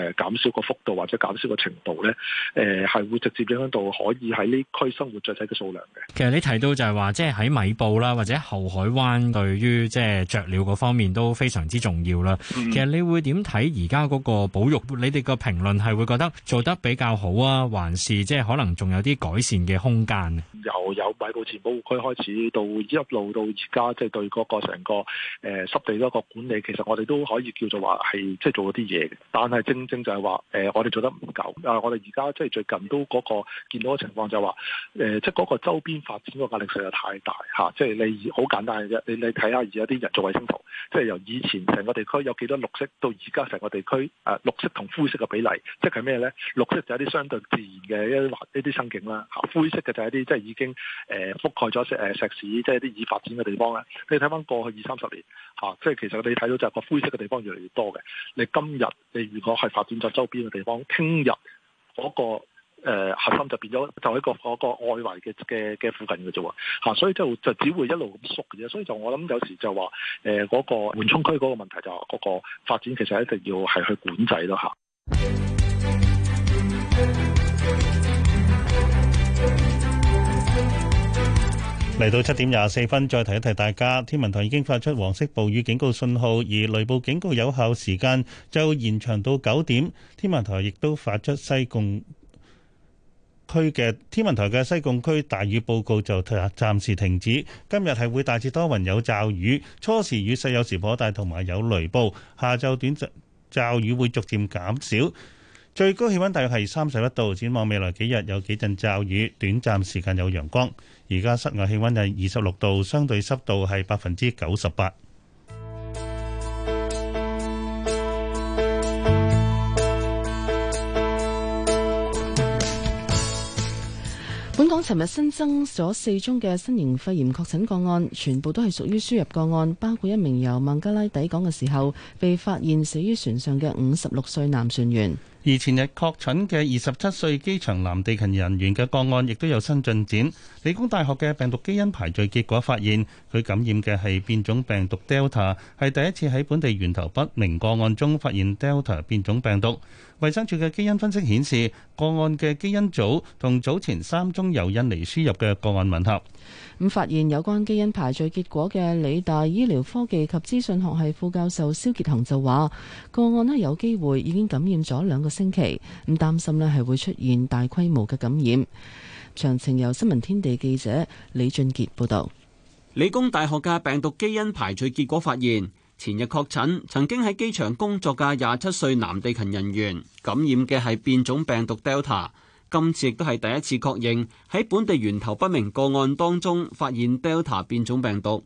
誒減少個幅度或者減少個程度咧，誒、呃、係會直接影響到可以喺呢區生活雀仔嘅數量嘅。其實你提到就係話即係喺米埔啦，或者後海灣對於即係雀鳥嗰方面都非常之重要啦。嗯、其實你會點睇而家嗰個保育？你哋個評論係會覺得做得比較好啊，還是即係可能仲有啲改善嘅空間？由有米埔前保護區開始，到一路到而家，即、就、係、是、對嗰個成個誒濕地嗰個管理。其實我哋都可以叫做話係即係做咗啲嘢，但係正正就係話誒，我哋做得唔夠、呃呃就是。啊，我哋而家即係最近都嗰個見到嘅情況就係話，誒，即係嗰個周邊發展個壓力實在太大吓。即係你好簡單嘅啫，你你睇下而家啲人造衛星圖，即、就、係、是、由以前成個地區有幾多綠色，到而家成個地區誒、呃、綠色同灰色嘅比例，即係咩咧？綠色就係一啲相對自然嘅一啲綠一啲生境啦吓、啊，灰色嘅就係一啲即係已經誒、呃、覆蓋咗石誒、啊、石屎，即係一啲已發展嘅地方啦。你睇翻過去二三十年吓，即、啊、係其實係咯，就係個灰色嘅地方越嚟越多嘅。你今日你如果係發展咗周邊嘅地方，聽日嗰個誒核心就變咗，就喺個嗰個外圍嘅嘅嘅附近嘅啫喎嚇，所以就就只會一路咁縮嘅啫。所以就我諗有時就話誒嗰個緩衝區嗰個問題就嗰個發展其實一定要係去管制咯嚇。嚟到七點廿四分，再提一提大家。天文台已經發出黃色暴雨警告信號，而雷暴警告有效時間就延長到九點。天文台亦都發出西貢區嘅天文台嘅西貢區大雨報告就暫時停止。今日係會大致多雲有驟雨，初時雨勢有時頗大，同埋有雷暴。下晝短暫驟雨會逐漸減少，最高氣溫大約係三十一度。展望未來幾日有幾陣驟雨，短暫時間有陽光。而家室外氣溫係二十六度，相對濕度係百分之九十八。本港尋日新增咗四宗嘅新型肺炎確診個案，全部都係屬於輸入個案，包括一名由孟加拉抵港嘅時候被發現死於船上嘅五十六歲男船員。而前日確診嘅二十七歲機場男地勤人員嘅個案，亦都有新進展。理工大學嘅病毒基因排序結果發現，佢感染嘅係變種病毒 Delta，係第一次喺本地源頭不明個案中發現 Delta 變種病毒。衛生署嘅基因分析顯示，個案嘅基因組同早前三宗由印尼輸入嘅個案吻合。咁發現有關基因排序結果嘅理大醫療科技及資訊學系副教授蕭傑恒就話：個案咧有機會已經感染咗兩個星期，咁擔心咧係會出現大規模嘅感染。詳情由新聞天地記者李俊杰報道。理工大學嘅病毒基因排序結果發現。前日確診，曾經喺機場工作嘅廿七歲男地勤人員感染嘅係變種病毒 Delta，今次亦都係第一次確認喺本地源頭不明個案當中發現 Delta 變種病毒。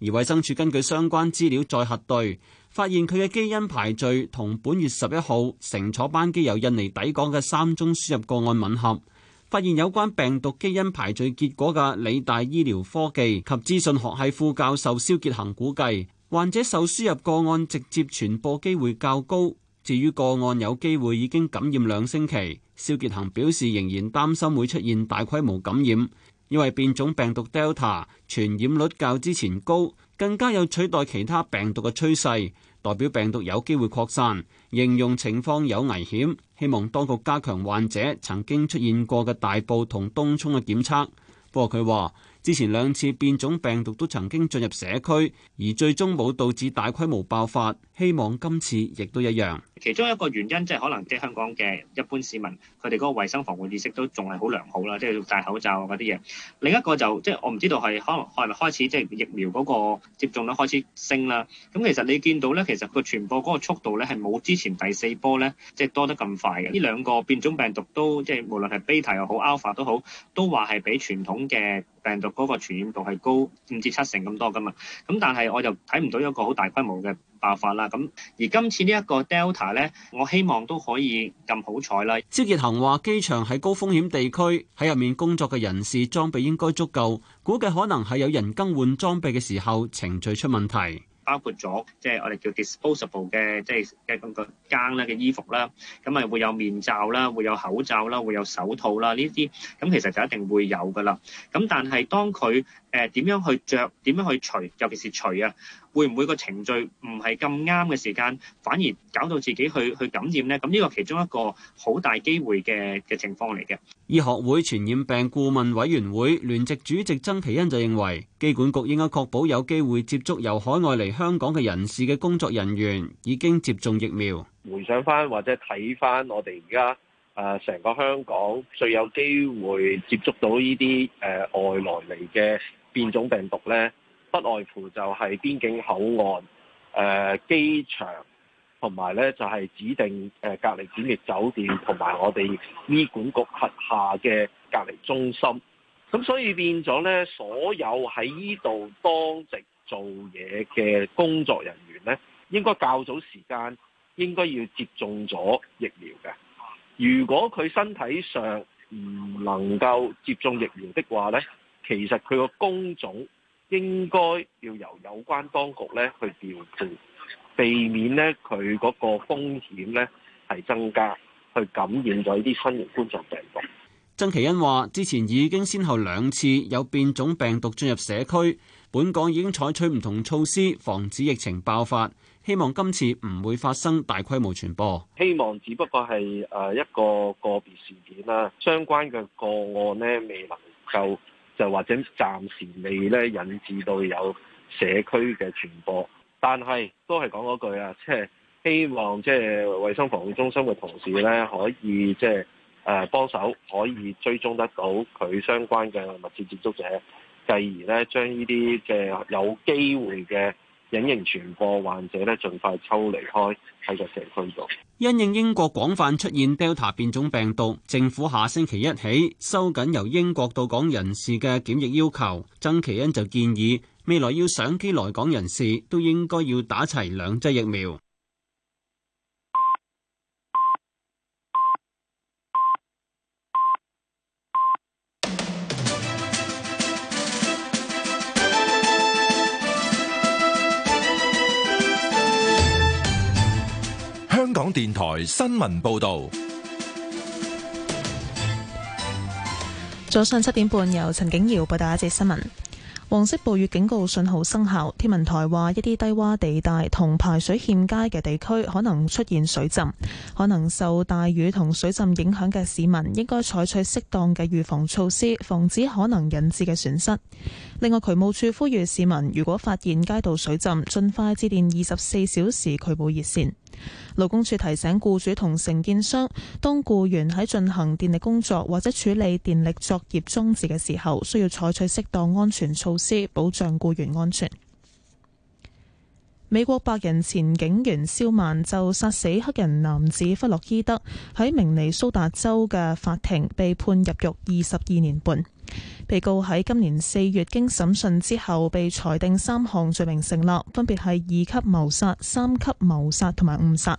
而衛生署根據相關資料再核對，發現佢嘅基因排序同本月十一號乘坐班機由印尼抵港嘅三宗輸入個案吻合。發現有關病毒基因排序結果嘅理大醫療科技及資訊學系副教授蕭傑恒估計。患者受輸入個案直接傳播機會較高，至於個案有機會已經感染兩星期，肖杰恒表示仍然擔心會出現大規模感染，因為變種病毒 Delta 傳染率較之前高，更加有取代其他病毒嘅趨勢，代表病毒有機會擴散，形容情況有危險，希望當局加強患者曾經出現過嘅大埔同東涌嘅檢測，不過，佢話。之前兩次變種病毒都曾經進入社區，而最終冇導致大規模爆發。希望今次亦都一樣。其中一個原因即係可能即係香港嘅一般市民，佢哋嗰個衞生防護意識都仲係好良好啦，即係要戴口罩嗰啲嘢。另一個就即係我唔知道係可能，可能開始即係疫苗嗰個接種率開始升啦。咁其實你見到咧，其實個傳播嗰個速度咧係冇之前第四波咧即係多得咁快嘅。呢兩個變種病毒都即係無論係 beta 又好 alpha 都好，都話係比傳統嘅病毒。嗰個傳染度係高，五至七成咁多噶嘛，咁但係我就睇唔到一個好大規模嘅爆發啦。咁而今次呢一個 Delta 咧，我希望都可以咁好彩啦。蕭傑恒話：機場喺高風險地區，喺入面工作嘅人士裝備應該足夠，估計可能係有人更換裝備嘅時候程序出問題。包括咗即係我哋叫 disposable 嘅，即係嘅咁個更咧嘅衣服啦，咁啊，會有面罩啦，會有口罩啦，會有手套啦，呢啲咁其實就一定會有噶啦。咁但係當佢誒點樣去著？點樣去除？尤其是除啊，會唔會個程序唔係咁啱嘅時間，反而搞到自己去去感染呢？咁呢個其中一個好大機會嘅嘅情況嚟嘅。醫學會傳染病顧問委員會聯席主席曾其恩就認為，機管局應該確保有機會接觸由海外嚟香港嘅人士嘅工作人員已經接種疫苗。回想翻或者睇翻我哋而家啊，呃，成個香港最有機會接觸到呢啲誒外來嚟嘅。變種病毒咧，不外乎就係邊境口岸、誒、呃、機場，同埋咧就係、是、指定誒、呃、隔離檢疫酒店，同埋我哋醫管局轄下嘅隔離中心。咁所以變咗咧，所有喺依度當值做嘢嘅工作人員咧，應該較早時間應該要接種咗疫苗嘅。如果佢身體上唔能夠接種疫苗的話咧？其實佢個工種應該要由有關當局咧去調配，避免咧佢嗰個風險咧係增加，去感染咗啲新型冠狀病毒。曾奇欣話，之前已經先後兩次有變種病毒進入社區，本港已經採取唔同措施防止疫情爆發，希望今次唔會發生大規模傳播。希望只不過係誒一個個別事件啦，相關嘅個案呢未能夠。就或者暫時未咧引致到有社區嘅傳播，但係都係講嗰句啊，即係希望即係衞生防護中心嘅同事咧，可以即係誒幫手，可以追蹤得到佢相關嘅密切接觸者，繼而咧將呢啲嘅有機會嘅。隱形傳播患者咧，盡快抽離開喺個社區度。因應英國廣泛出現 Delta 變種病毒，政府下星期一起收緊由英國到港人士嘅檢疫要求。曾其恩就建議，未來要上機來港人士都應該要打齊兩劑疫苗。香港電台新聞報道，早上七點半由陳景堯報道一節新聞。黃色暴雨警告信號生效，天文台話一啲低窪地帶同排水欠佳嘅地區可能出現水浸。可能受大雨同水浸影響嘅市民應該採取適當嘅預防措施，防止可能引致嘅損失。另外，渠務處呼籲市民如果發現街道水浸，盡快致電二十四小時渠務熱線。勞工處提醒僱主同承建商，當僱員喺進行電力工作或者處理電力作業裝置嘅時候，需要採取適當安全措施，保障僱員安全。美國白人前警員肖曼就殺死黑人男子弗洛伊德，喺明尼蘇達州嘅法庭被判入獄二十二年半。被告喺今年四月經審訊之後被裁定三項罪名成立，分別係二級謀殺、三級謀殺同埋誤殺。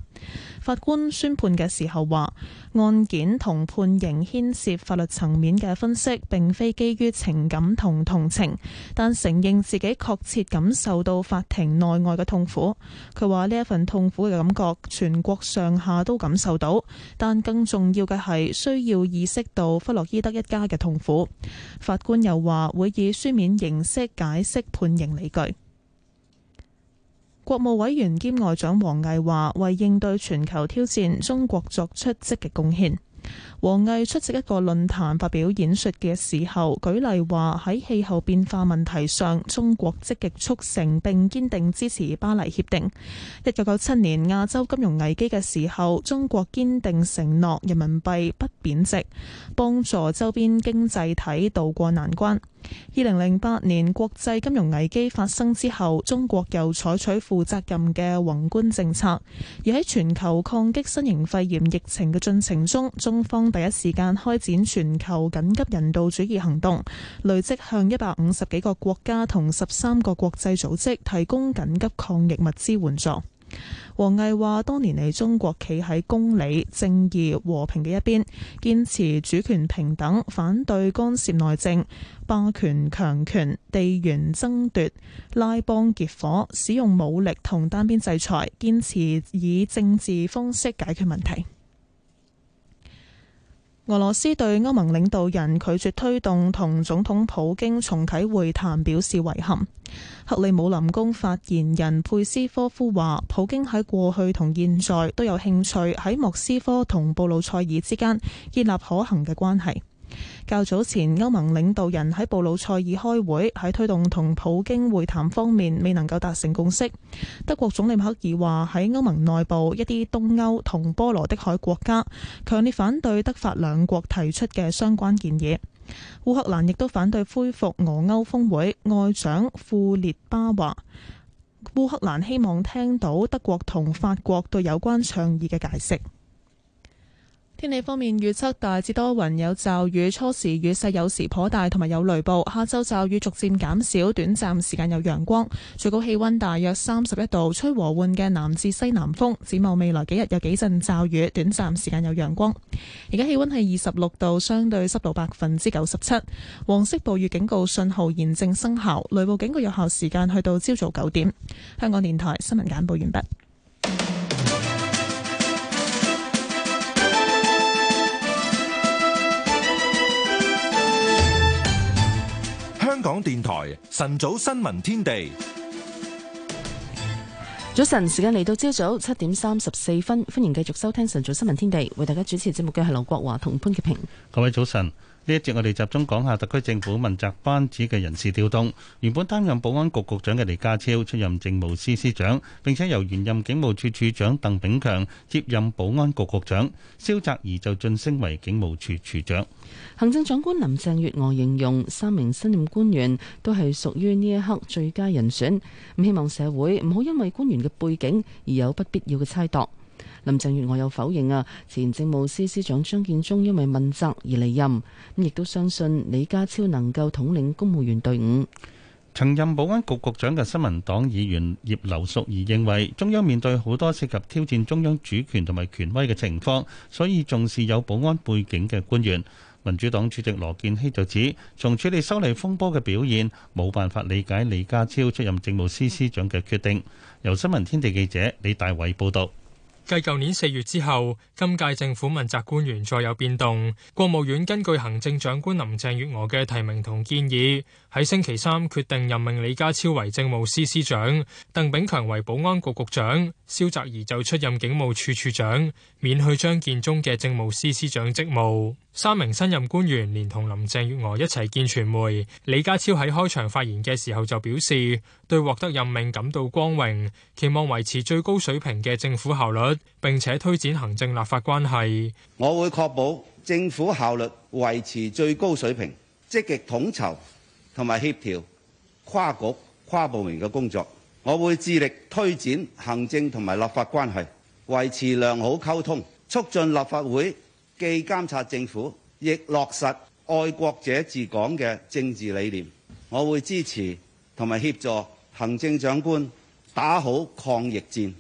法官宣判嘅時候話，案件同判刑牽涉法律層面嘅分析，並非基於情感同同情，但承認自己確切感受到法庭內外嘅痛苦。佢話呢一份痛苦嘅感覺全國上下都感受到，但更重要嘅係需要意識到弗洛伊德一家嘅痛苦。法官又話會以書面形式解釋判刑理據。國務委員兼外長王毅話：為應對全球挑戰，中國作出積極貢獻。王毅出席一個論壇發表演說嘅時候，舉例話喺氣候變化問題上，中國積極促成並堅定支持巴黎協定。一九九七年亞洲金融危機嘅時候，中國堅定承諾人民幣不貶值，幫助周邊經濟體渡過難關。二零零八年國際金融危機發生之後，中國又採取負責任嘅宏觀政策。而喺全球抗擊新型肺炎疫情嘅進程中，中方第一時間開展全球緊急人道主義行動，累積向一百五十幾個國家同十三個國際組織提供緊急抗疫物資援助。王毅話，多年嚟，中國企喺公理、正義、和平嘅一邊，堅持主權平等，反對干涉內政、霸權、強權、地緣爭奪、拉幫結伙，使用武力同單邊制裁，堅持以政治方式解決問題。俄羅斯對歐盟領導人拒絕推動同總統普京重啟會談表示遺憾。克里姆林宮發言人佩斯科夫話，普京喺過去同現在都有興趣喺莫斯科同布魯塞爾之間建立可行嘅關係。較早前，歐盟領導人喺布魯塞爾開會，喺推動同普京會談方面未能夠達成共識。德國總理默克爾話，喺歐盟內部一啲東歐同波羅的海國家強烈反對德法兩國提出嘅相關建議。烏克蘭亦都反對恢復俄歐峰會，外長庫列巴話，烏克蘭希望聽到德國同法國對有關倡議嘅解釋。天氣方面預測，大致多雲有驟雨，初時雨勢有時頗大，同埋有雷暴。下晝驟雨逐漸減少，短暫時間有陽光。最高氣溫大約三十一度，吹和緩嘅南至西南風。展望未來幾日有幾陣驟雨，短暫時間有陽光。而家氣溫係二十六度，相對濕度百分之九十七。黃色暴雨警告信號現正生效，雷暴警告有效時間去到朝早九點。香港電台新聞簡報完畢。香港電台晨早新聞天地，早晨，時間嚟到朝早七點三十四分，歡迎繼續收聽晨早新聞天地，為大家主持節目嘅係劉國華同潘潔平。各位早晨，呢一節我哋集中講下特區政府問責班子嘅人事調動。原本擔任保安局局長嘅李家超出任政務司司長，並且由原任警務處處長鄧炳強接任保安局局長，蕭澤怡就晉升為警務處處長。行政長官林鄭月娥形容三名新任官員都係屬於呢一刻最佳人選，咁希望社會唔好因為官員嘅背景而有不必要嘅猜度。林鄭月娥又否認啊，前政務司司長張建宗因為問責而離任，亦都相信李家超能夠統領公務員隊伍。曾任保安局局長嘅新民黨議員葉劉淑儀認為，中央面對好多涉及挑戰中央主權同埋權威嘅情況，所以重視有保安背景嘅官員。民主黨主席羅健熙就指，從處理修例風波嘅表現，冇辦法理解李家超出任政務司司長嘅決定。由新聞天地記者李大偉報導。繼舊年四月之後，今屆政府問責官員再有變動，國務院根據行政長官林鄭月娥嘅提名同建議，喺星期三決定任命李家超為政務司司長，鄧炳強為保安局局長，蕭澤頤就出任警務處處長，免去張建宗嘅政務司司長職務。三名新任官員連同林鄭月娥一齊見傳媒。李家超喺開場發言嘅時候就表示，對獲得任命感到光榮，期望維持最高水平嘅政府效率，並且推展行政立法關係。我會確保政府效率維持最高水平，積極統籌。同埋協調跨局跨部門嘅工作，我會致力推展行政同埋立法關係，維持良好溝通，促進立法會既監察政府，亦落實愛國者治港嘅政治理念。我會支持同埋協助行政長官打好抗疫戰。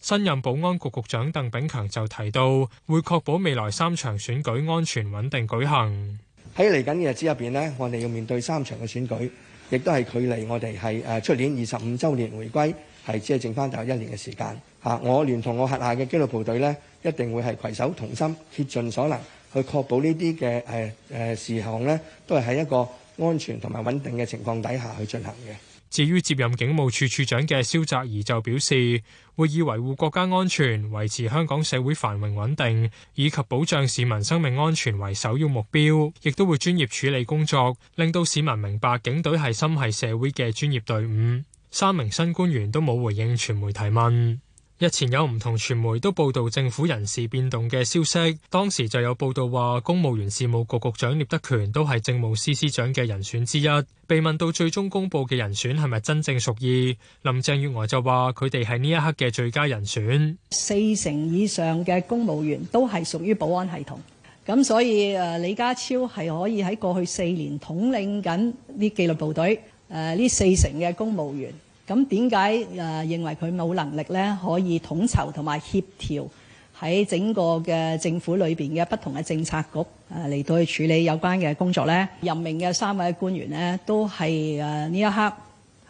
新任保安局局長鄧炳強就提到，會確保未來三場選舉安全、穩定舉行。喺嚟緊嘅日子入邊呢，我哋要面對三場嘅選舉，亦都係距離我哋係誒出年二十五週年回歸，係只係剩翻大約一年嘅時間嚇。我聯同我轄下嘅紀律部隊呢，一定會係攜手同心，竭盡所能去確保呢啲嘅誒誒事項咧，都係喺一個安全同埋穩定嘅情況底下去進行嘅。至於接任警務處處長嘅蕭澤頤就表示，會以維護國家安全、維持香港社會繁榮穩定以及保障市民生命安全為首要目標，亦都會專業處理工作，令到市民明白警隊係心繫社會嘅專業隊伍。三名新官員都冇回應傳媒提問。日前有唔同傳媒都報道政府人事變動嘅消息，當時就有報道話公務員事務局局長聶德權都係政務司司長嘅人選之一。被問到最終公布嘅人選係咪真正屬意，林鄭月娥就話佢哋係呢一刻嘅最佳人選。四成以上嘅公務員都係屬於保安系統，咁所以誒李家超係可以喺過去四年統領緊呢紀律部隊誒呢四成嘅公務員。咁點解誒認為佢冇能力咧，可以統籌同埋協調喺整個嘅政府裏邊嘅不同嘅政策局誒嚟到去處理有關嘅工作咧？任命嘅三位官員呢，都係誒呢一刻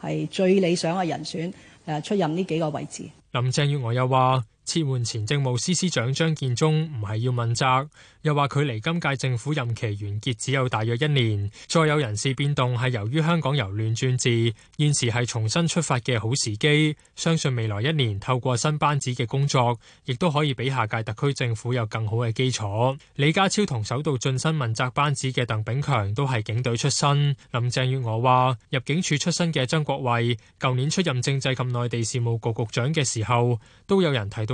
係最理想嘅人選誒出任呢幾個位置。林鄭月娥又話。撤換前，政務司司長張建宗唔係要問責，又話距離今屆政府任期完結只有大約一年，再有人事變動係由於香港由亂轉治，現時係重新出發嘅好時機，相信未來一年透過新班子嘅工作，亦都可以俾下屆特區政府有更好嘅基礎。李家超同首度晉身問責班子嘅鄧炳強都係警隊出身，林鄭月娥話入境處出身嘅曾國衛，舊年出任政制及內地事務局局長嘅時候，都有人提到。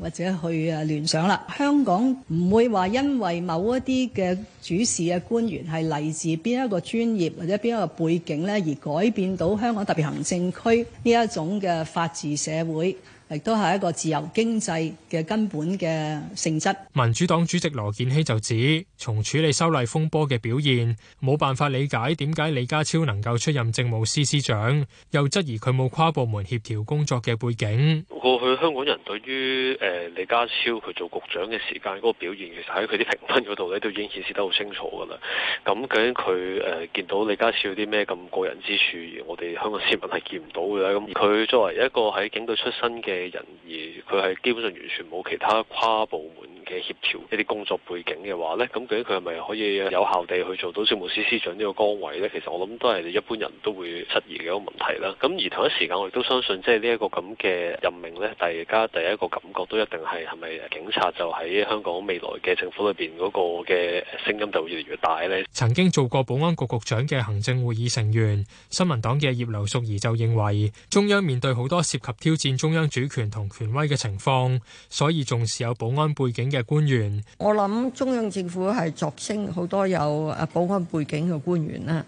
或者去啊聯想啦，香港唔會話因為某一啲嘅主事嘅官員係嚟自邊一個專業或者邊一個背景咧，而改變到香港特別行政區呢一種嘅法治社會。亦都係一個自由經濟嘅根本嘅性質。民主黨主席羅健熙就指，從處理修例風波嘅表現，冇辦法理解點解李家超能夠出任政務司司長，又質疑佢冇跨部門協調工作嘅背景。過去香港人對於誒李家超佢做局長嘅時間嗰個表現，其實喺佢啲評分嗰度咧，都已經顯示得好清楚㗎啦。咁究竟佢誒見到李家超有啲咩咁過人之處，而我哋香港市民係見唔到嘅咧？咁佢作為一個喺警隊出身嘅，嘅人，而佢係基本上完全冇其他跨部門，嘅協調一啲工作背景嘅話呢，咁究竟佢係咪可以有效地去做到政務司司長呢個崗位呢？其實我諗都係一般人都會質疑嘅一個問題啦。咁而同一時間，我亦都相信即係呢一個咁嘅任命呢，大家第一個感覺都一定係係咪警察就喺香港未來嘅政府裏邊嗰個嘅聲音就會越嚟越大呢。曾經做過保安局局長嘅行政會議成員，新民黨嘅葉劉淑儀就認為，中央面對好多涉及挑戰中央主權同權威嘅情況，所以重視有保安背景嘅。官員，我諗中央政府係擢升好多有誒保安背景嘅官員呢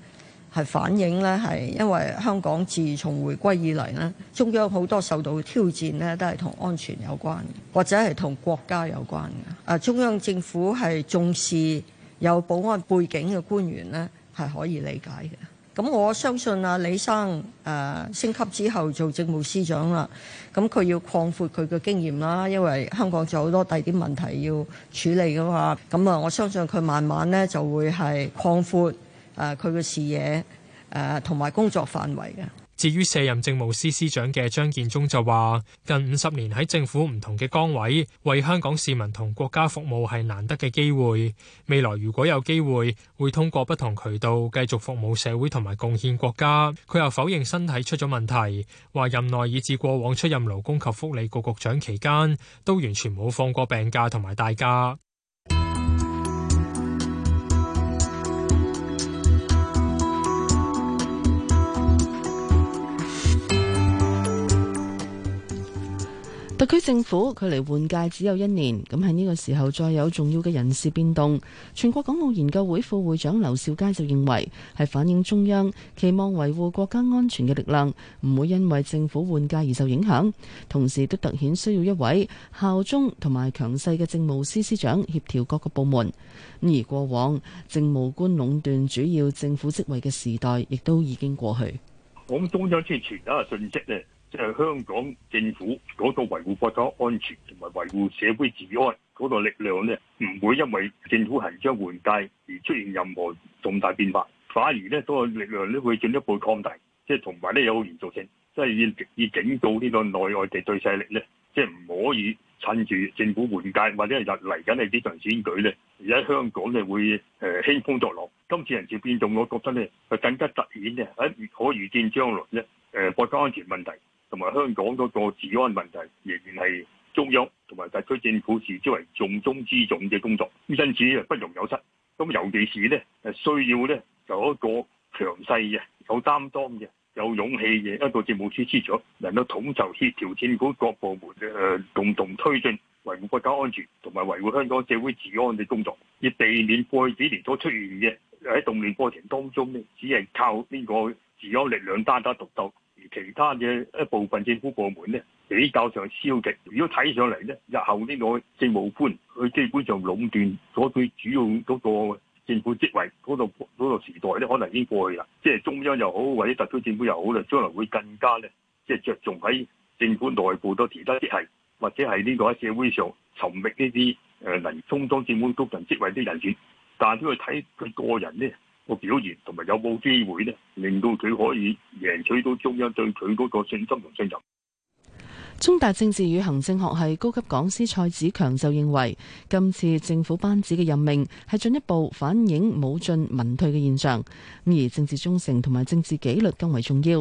係反映呢，係因為香港自從回歸以嚟呢，中央好多受到嘅挑戰呢，都係同安全有關，或者係同國家有關嘅。誒，中央政府係重視有保安背景嘅官員呢係可以理解嘅。咁我相信啊，李生誒升級之後做政務司長啦，咁佢要擴闊佢嘅經驗啦，因為香港仲有好多第二啲問題要處理㗎嘛，咁啊我相信佢慢慢咧就會係擴闊誒佢嘅視野誒同埋工作範圍嘅。至於卸任政務司司長嘅張建宗就話：近五十年喺政府唔同嘅崗位為香港市民同國家服務係難得嘅機會，未來如果有機會會通過不同渠道繼續服務社會同埋貢獻國家。佢又否認身體出咗問題，話任內以至過往出任勞工及福利局局長期間都完全冇放過病假同埋大假。特區政府距離換屆只有一年，咁喺呢個時候再有重要嘅人事變動，全國港澳研究會副會長劉兆佳就認為係反映中央期望維護國家安全嘅力量唔會因為政府換屆而受影響，同時都凸顯需要一位效忠同埋強勢嘅政務司司長協調各個部門。而過往政務官壟斷主要政府職位嘅時代亦都已經過去。我諗中央之前傳達信息呢。即係香港政府嗰個維護國家安全同埋維護社會治安嗰個力量咧，唔會因為政府行將換屆而出現任何重大變化，反而咧嗰、這個力量咧會進一步擴大。即係同埋咧有連續性，即係要要警告呢個內外地對,對勢力咧，即係唔可以趁住政府換屆或者入嚟緊係呢場選舉咧，而喺香港咧會誒興、呃、風作浪。今次人事變動，我覺得咧係更加突顯嘅喺可預見將來咧誒、呃、國家安全問題。同埋香港嗰個治安問題，仍然係中央同埋特區政府視之為重中之重嘅工作，因此不容有失。咁尤其是呢，係需要呢有一個強勢嘅、有擔當嘅、有勇氣嘅一個政務處處長，能夠統籌協調政府各部門誒、呃，共同推進維護國家安全同埋維護香港社會治安嘅工作，以避免過去幾年都出現嘅喺動亂過程當中呢只係靠呢個治安力量單打獨鬥。其他嘅一部分政府部門咧比較上消極，如果睇上嚟咧，日後呢個政務官，佢基本上壟斷咗啲主要嗰個政府職位嗰個時代咧，可能已經過去啦。即係中央又好，或者特區政府又好啦，將來會更加咧，即係着重喺政府內部都其他啲係，或者係呢個喺社會上尋覓呢啲誒能充當政府高層職位啲人選。但係都要睇佢個人咧，個表現同埋有冇機會咧，令到佢可以贏取到中央對佢嗰個信心同信任。中大政治與行政學系高級講師蔡子強就認為，今次政府班子嘅任命係進一步反映武進文退嘅現象。咁而政治忠誠同埋政治紀律更為重要。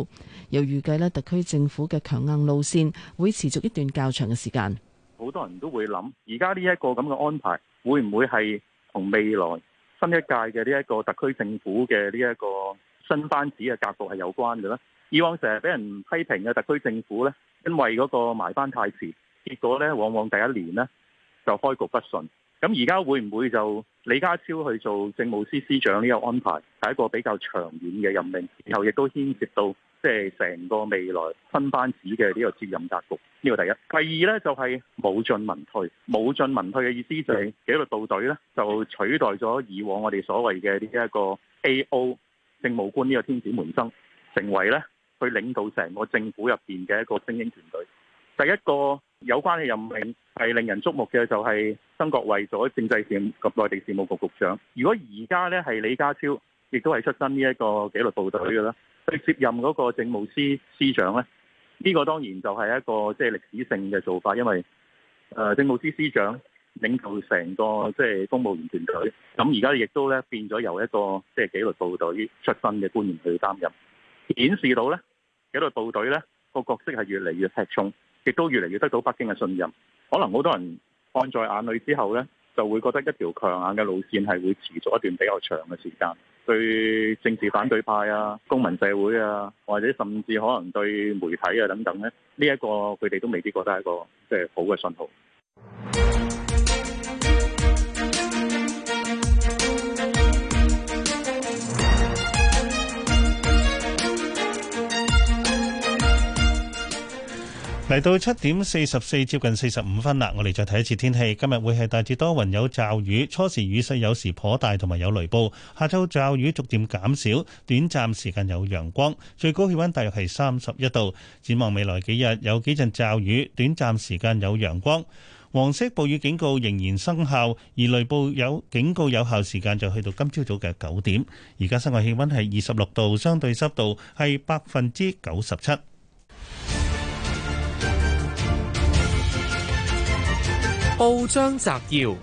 又預計咧，特區政府嘅強硬路線會持續一段較長嘅時間。好多人都會諗，而家呢一個咁嘅安排會唔會係同未來？新一屆嘅呢一個特區政府嘅呢一個新班子嘅格局係有關嘅咧，以往成日俾人批評嘅特區政府呢，因為嗰個埋班太遲，結果呢，往往第一年呢就開局不順。咁而家會唔會就李家超去做政務司司長呢個安排，係一個比較長遠嘅任命，然後亦都牽涉到。即係成個未來新班子嘅呢個接任格局，呢、這個第一。第二呢，就係武進文退，武進文退嘅意思就係、是、紀律部隊呢，就取代咗以往我哋所謂嘅呢一個 A O 政務官呢個天子門生，成為呢，去領導成個政府入邊嘅一個精英團隊。第一個有關嘅任命係令人矚目嘅，就係曾國衛做咗政制事及內地事務局局長。如果而家呢，係李家超，亦都係出身呢一個紀律部隊嘅咧。直接任嗰個政務司司長咧，呢、呢個當然就係一個即係歷史性嘅做法，因為誒、呃、政務司司長領導成個即係公務員團隊，咁而家亦都咧變咗由一個即係紀律部隊出身嘅官員去擔任，顯示到咧紀律部隊咧、嗰個角色係越嚟越吃重，亦都越嚟越得到北京嘅信任。可能好多人看在眼裏之後咧，就會覺得一條強硬嘅路線係會持續一段比較長嘅時間。對政治反對派啊、公民社會啊，或者甚至可能對媒體啊等等咧，呢、這、一個佢哋都未必覺得係一個即係好嘅信號。嚟到七點四十四，接近四十五分啦。我哋再睇一次天氣，今日會係大致多雲有驟雨，初時雨勢有時頗大，同埋有雷暴。下晝驟雨逐漸減少，短暫時間有陽光，最高氣温大約係三十一度。展望未來幾日有幾陣驟雨，短暫時間有陽光。黃色暴雨警告仍然生效，而雷暴有警告有效時間就去到今朝早嘅九點。而家室外氣温係二十六度，相對濕度係百分之九十七。報章摘要：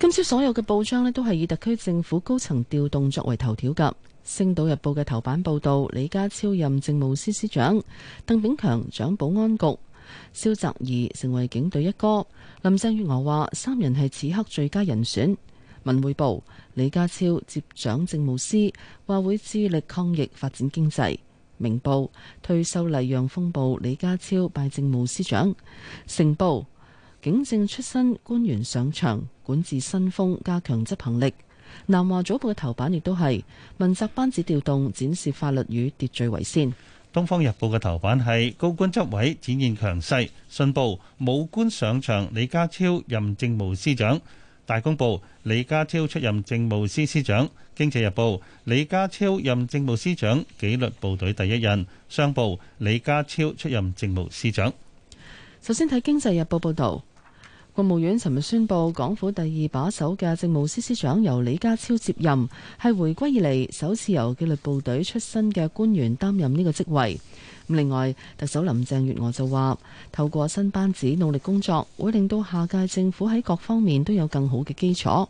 今朝所有嘅報章咧，都係以特區政府高層調動作為頭條噶。《星島日報》嘅頭版報道李家超任政務司司長，鄧炳強掌保安局，蕭澤頤成為警隊一哥。林鄭月娥話三人係此刻最佳人選。文匯報李家超接掌政務司，話會致力抗疫、發展經濟。明報退，修例釀風暴，李家超拜政務司長，成報，警政出身官員上場，管治新風，加強執行力。南華早報嘅頭版亦都係問責班子調動，展示法律與秩序為先。東方日報嘅頭版係高官執位展現強勢，信報，武官上場，李家超任政務司長。大公報，李家超出任政務司司長。經濟日報，李家超任政務司長，紀律部隊第一人。商報，李家超出任政務司長。首先睇經濟日報報道，國務院尋日宣布，港府第二把手嘅政務司司長由李家超接任，係回歸以嚟，首次由紀律部隊出身嘅官員擔任呢個職位。另外，特首林鄭月娥就話：透過新班子努力工作，會令到下屆政府喺各方面都有更好嘅基礎。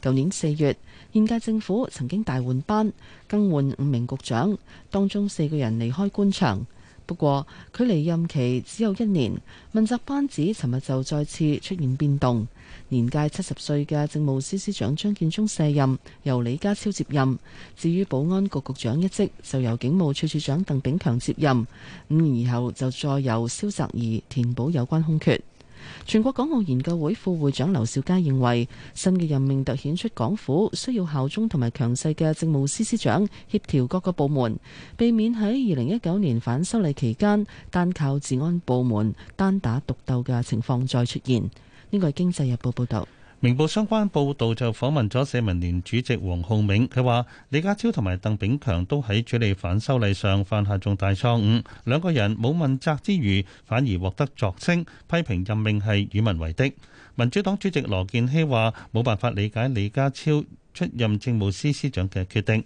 舊年四月，現屆政府曾經大換班，更換五名局長，當中四個人離開官場。不過距離任期只有一年，問責班子尋日就再次出現變動。年屆七十歲嘅政務司司長張建宗卸任，由李家超接任。至於保安局局長一職，就由警務處處長鄧炳強接任。五年以後就再由蕭澤頤填補有關空缺。全國港澳研究會副會長劉兆佳認為，新嘅任命突顯出港府需要效忠同埋強勢嘅政務司司長協調各個部門，避免喺二零一九年反修例期間，單靠治安部門單打獨鬥嘅情況再出現。《經濟日報》報導，明報相關報導就訪問咗社民連主席黃浩銘，佢話李家超同埋鄧炳強都喺處理反修例上犯下重大錯誤，兩個人冇問責之餘，反而獲得擢升，批評任命係與民為敵。民主黨主席羅健熙話：冇辦法理解李家超出任政務司司長嘅決定。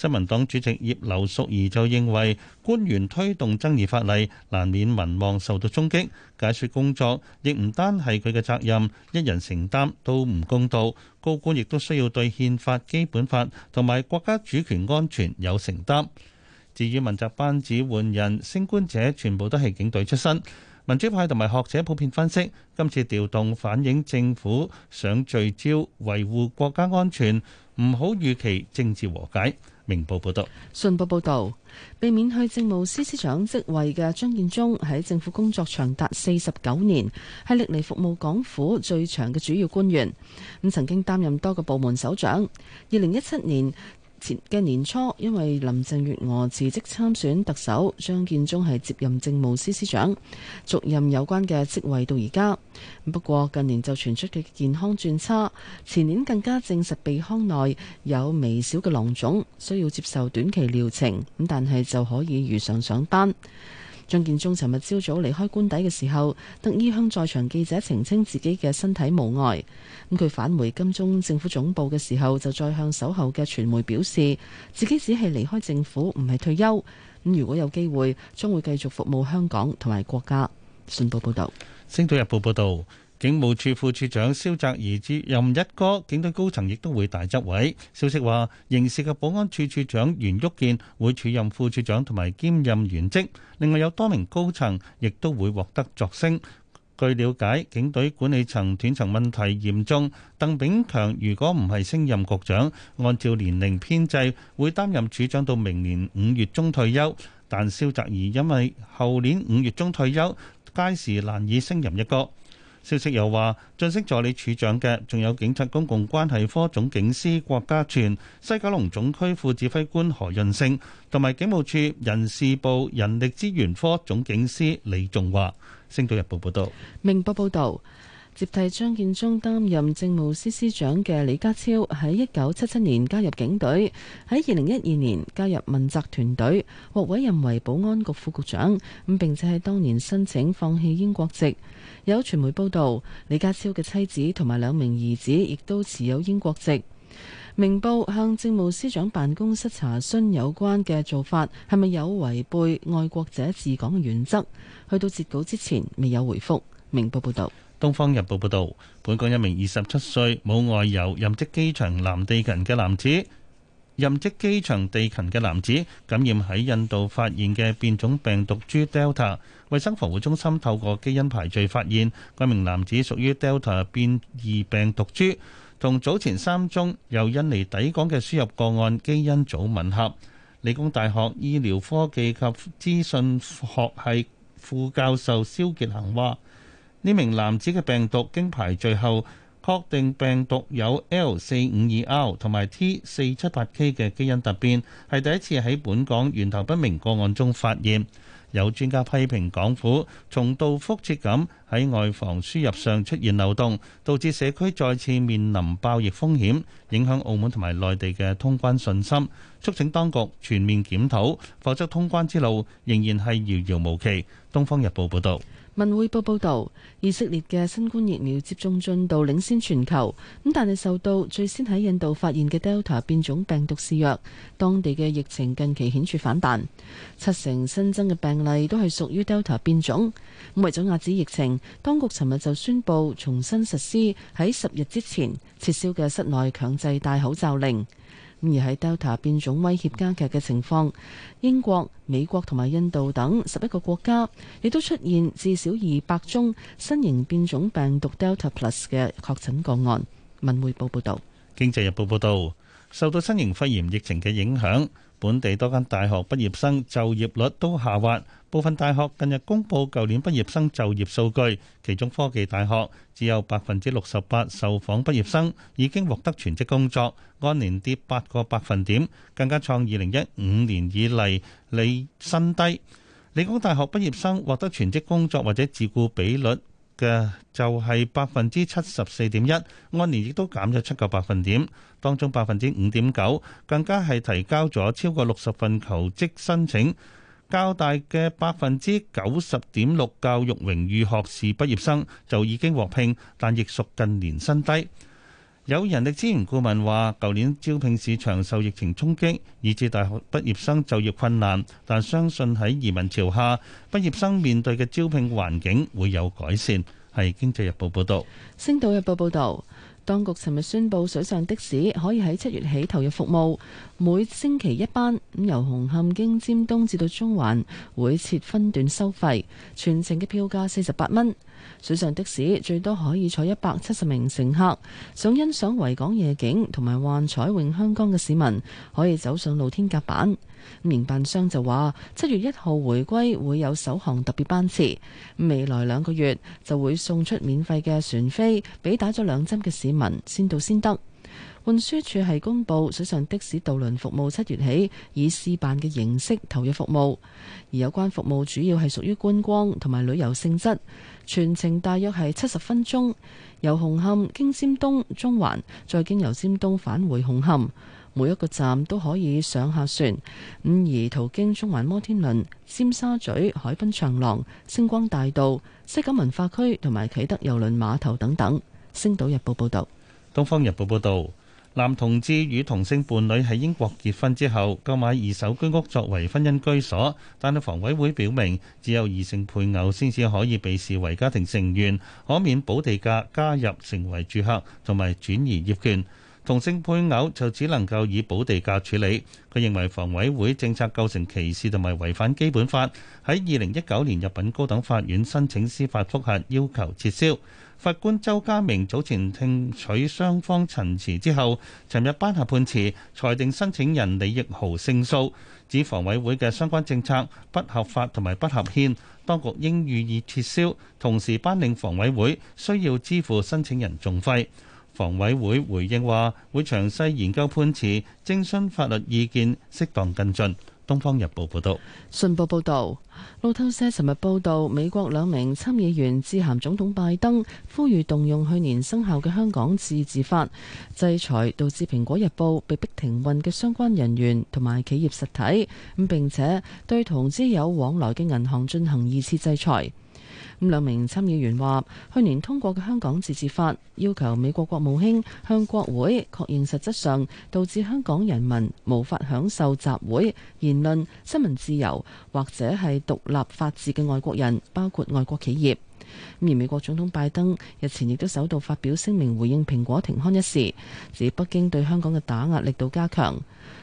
新民黨主席葉劉淑儀就認為，官員推動爭議法例，難免民望受到衝擊。解説工作亦唔單係佢嘅責任，一人承擔都唔公道。高官亦都需要對憲法、基本法同埋國家主權安全有承擔。至於問責班子換人升官者，全部都係警隊出身。民主派同埋學者普遍分析，今次調動反映政府想聚焦維護國家安全，唔好預期政治和解。明報報道：信報報道，被免去政務司司長職位嘅張建宗喺政府工作長達四十九年，係歷嚟服務港府最長嘅主要官員。咁曾經擔任多個部門首長。二零一七年嘅年初，因為林鄭月娥辭職參選特首，張建宗係接任政務司司長，續任有關嘅職位到而家。不過近年就傳出嘅健康轉差，前年更加證實鼻腔內有微小嘅囊腫，需要接受短期療程，咁但係就可以如常上，上班。張建宗尋日朝早離開官邸嘅時候，特意向在場記者澄清自己嘅身體無礙。咁佢返回金鐘政府總部嘅時候，就再向守候嘅傳媒表示，自己只係離開政府，唔係退休。咁如果有機會，將會繼續服務香港同埋國家。信報報道，《星島日報》報道。警務處副處長蕭澤頤接任一哥，警隊高層亦都會大執位。消息話，刑事嘅保安處處長袁旭健會署任副處長同埋兼任原職，另外有多名高層亦都會獲得擢升。據了解，警隊管理層斷層問題嚴重，鄧炳強如果唔係升任局長，按照年齡編制會擔任處長到明年五月中退休。但蕭澤頤因為後年五月中退休，屆時難以升任一哥。消息又話，晉升助理處長嘅仲有警察公共關係科總警司郭嘉銓、西九龍總區副指揮官何潤勝，同埋警務處人事部人力資源科總警司李仲華。星島日報報道。明報報導。接替張建宗擔任政務司司長嘅李家超喺一九七七年加入警隊，喺二零一二年加入問責團隊，獲委任為保安局副局長。咁並且喺當年申請放棄英國籍。有傳媒報道，李家超嘅妻子同埋兩名兒子亦都持有英國籍。明報向政務司長辦公室查詢有關嘅做法係咪有違背愛國者治港嘅原則，去到截稿之前未有回覆。明報報道。《東方日報》報導，本港一名二十七歲冇外遊、任職機場南地勤嘅男子，任職機場地勤嘅男子感染喺印度發現嘅變種病毒株 Delta。衞生防護中心透過基因排序發現，該名男子屬於 Delta 變異病毒株，同早前三宗由印尼抵港嘅輸入個案基因組吻合。理工大學醫療科技及資訊學系副教授蕭傑恒話。呢名男子嘅病毒經排序後，確定病毒有 L 四五二 R 同埋 T 四七八 K 嘅基因突變，係第一次喺本港源頭不明個案中發現。有專家批評港府重蹈覆轍咁喺外防輸入上出現漏洞，導致社區再次面臨爆疫風險，影響澳門同埋內地嘅通關信心，促請當局全面檢討，否則通關之路仍然係遙遙無期。《東方日報》報道。文匯報報道，以色列嘅新冠疫苗接種進度領先全球，咁但係受到最先喺印度發現嘅 Delta 變種病毒肆虐，當地嘅疫情近期顯著反彈，七成新增嘅病例都係屬於 Delta 變種。咁為咗遏止疫情，當局尋日就宣布重新實施喺十日之前撤銷嘅室內強制戴口罩令。而喺 Delta 變種威脅加劇嘅情況，英國、美國同埋印度等十一個國家，亦都出現至少二百宗新型變種病毒 Delta Plus 嘅確診個案。文匯報報道。《經濟日報》報道，受到新型肺炎疫情嘅影響，本地多間大學畢業生就業率都下滑。部分大學近日公佈舊年畢業生就業數據，其中科技大學只有百分之六十八受訪畢業生已經獲得全職工作，按年跌八個百分點，更加創二零一五年以嚟年新低。理工大學畢業生獲得全職工作或者自雇比率嘅就係百分之七十四點一，按年亦都減咗七個百分點，當中百分之五點九更加係提交咗超過六十份求職申請。較大嘅百分之九十點六教育榮譽學士畢業生就已經獲聘，但亦屬近年新低。有人力資源顧問話，舊年招聘市場受疫情衝擊，以致大學畢業生就業困難。但相信喺移民潮下，畢業生面對嘅招聘環境會有改善。係《經濟日報》報道。《星島日報》報道。當局尋日宣布，水上的士可以喺七月起投入服務，每星期一班，咁由紅磡經尖東至到中環，會設分段收費，全程嘅票價四十八蚊。水上的士最多可以坐一百七十名乘客，想欣賞維港夜景同埋幻彩詠香江嘅市民可以走上露天甲板。咁營辦商就話，七月一號回歸會有首航特別班次，未來兩個月就會送出免費嘅船飛，俾打咗兩針嘅市民先到先得。運輸署係公布，水上的士渡輪服務七月起以試辦嘅形式投入服務，而有關服務主要係屬於觀光同埋旅遊性質，全程大約係七十分鐘，由紅磡經尖東、中環，再經由尖東返回紅磡，每一個站都可以上下船。五而途經中環摩天輪、尖沙咀海濱長廊、星光大道、西九文化區同埋啟德郵輪碼頭等等。星島日報報道，東方日報報道。男同志與同性伴侶喺英國結婚之後，購買二手居屋作為婚姻居所，但係房委會表明，只有異性配偶先至可以被視為家庭成員，可免補地價加入成為住客同埋轉移業權。同性配偶就只能夠以保地價處理。佢認為房委會政策構成歧視同埋違反基本法，喺二零一九年入稟高等法院申請司法複核，要求撤銷。法官周家明早前聽取雙方陳詞之後，尋日頒下判詞裁定申請人李逸豪勝訴，指房委會嘅相關政策不合法同埋不合憲，當局應予以撤銷，同時頒令房委會需要支付申請人訟費。房委會回應話，會詳細研究判詞，徵詢法律意見，適當跟進。東方日報報道，信報報道，路透社尋日報道，美國兩名參議員致函總統拜登，呼籲動用去年生效嘅香港自治法，制裁導致蘋果日報被迫停運嘅相關人員同埋企業實體，並且對同之有往來嘅銀行進行二次制裁。咁兩名參議員話：去年通過嘅《香港自治法》要求美國國務卿向國會確認，實質上導致香港人民無法享受集會、言論、新聞自由，或者係獨立法治嘅外國人，包括外國企業。而美國總統拜登日前亦都首度發表聲明回應蘋果停刊一事，指北京對香港嘅打壓力度加強。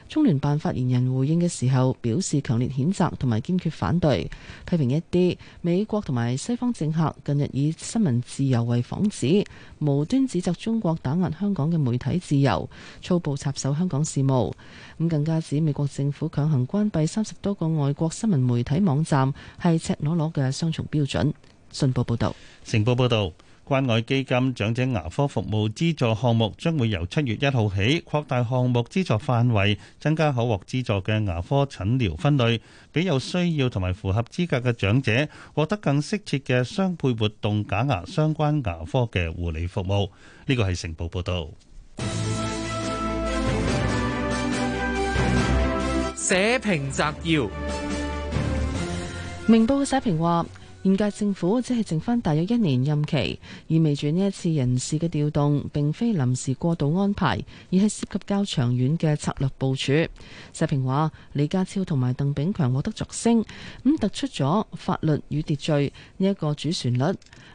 中聯辦發言人回應嘅時候，表示強烈譴責同埋堅決反對，批評一啲美國同埋西方政客近日以新聞自由為幌子，無端指責中國打壓香港嘅媒體自由，粗暴插手香港事務。咁更加指美國政府強行關閉三十多個外國新聞媒體網站，係赤裸裸嘅雙重標準。信報報道，成報報道。關愛基金長者牙科服務資助項目將會由七月一號起擴大項目資助範圍，增加可獲資助嘅牙科診療分類，俾有需要同埋符合資格嘅長者獲得更適切嘅相配活動假牙相關牙科嘅護理服務。呢個係成報報道。社評摘要：寫明報嘅社評話。現屆政府只係剩翻大約一年任期，意味住呢一次人事嘅調動並非臨時過渡安排，而係涉及較長遠嘅策略部署。社評話：李家超同埋鄧炳強獲得擢升，咁突出咗法律與秩序呢一個主旋律，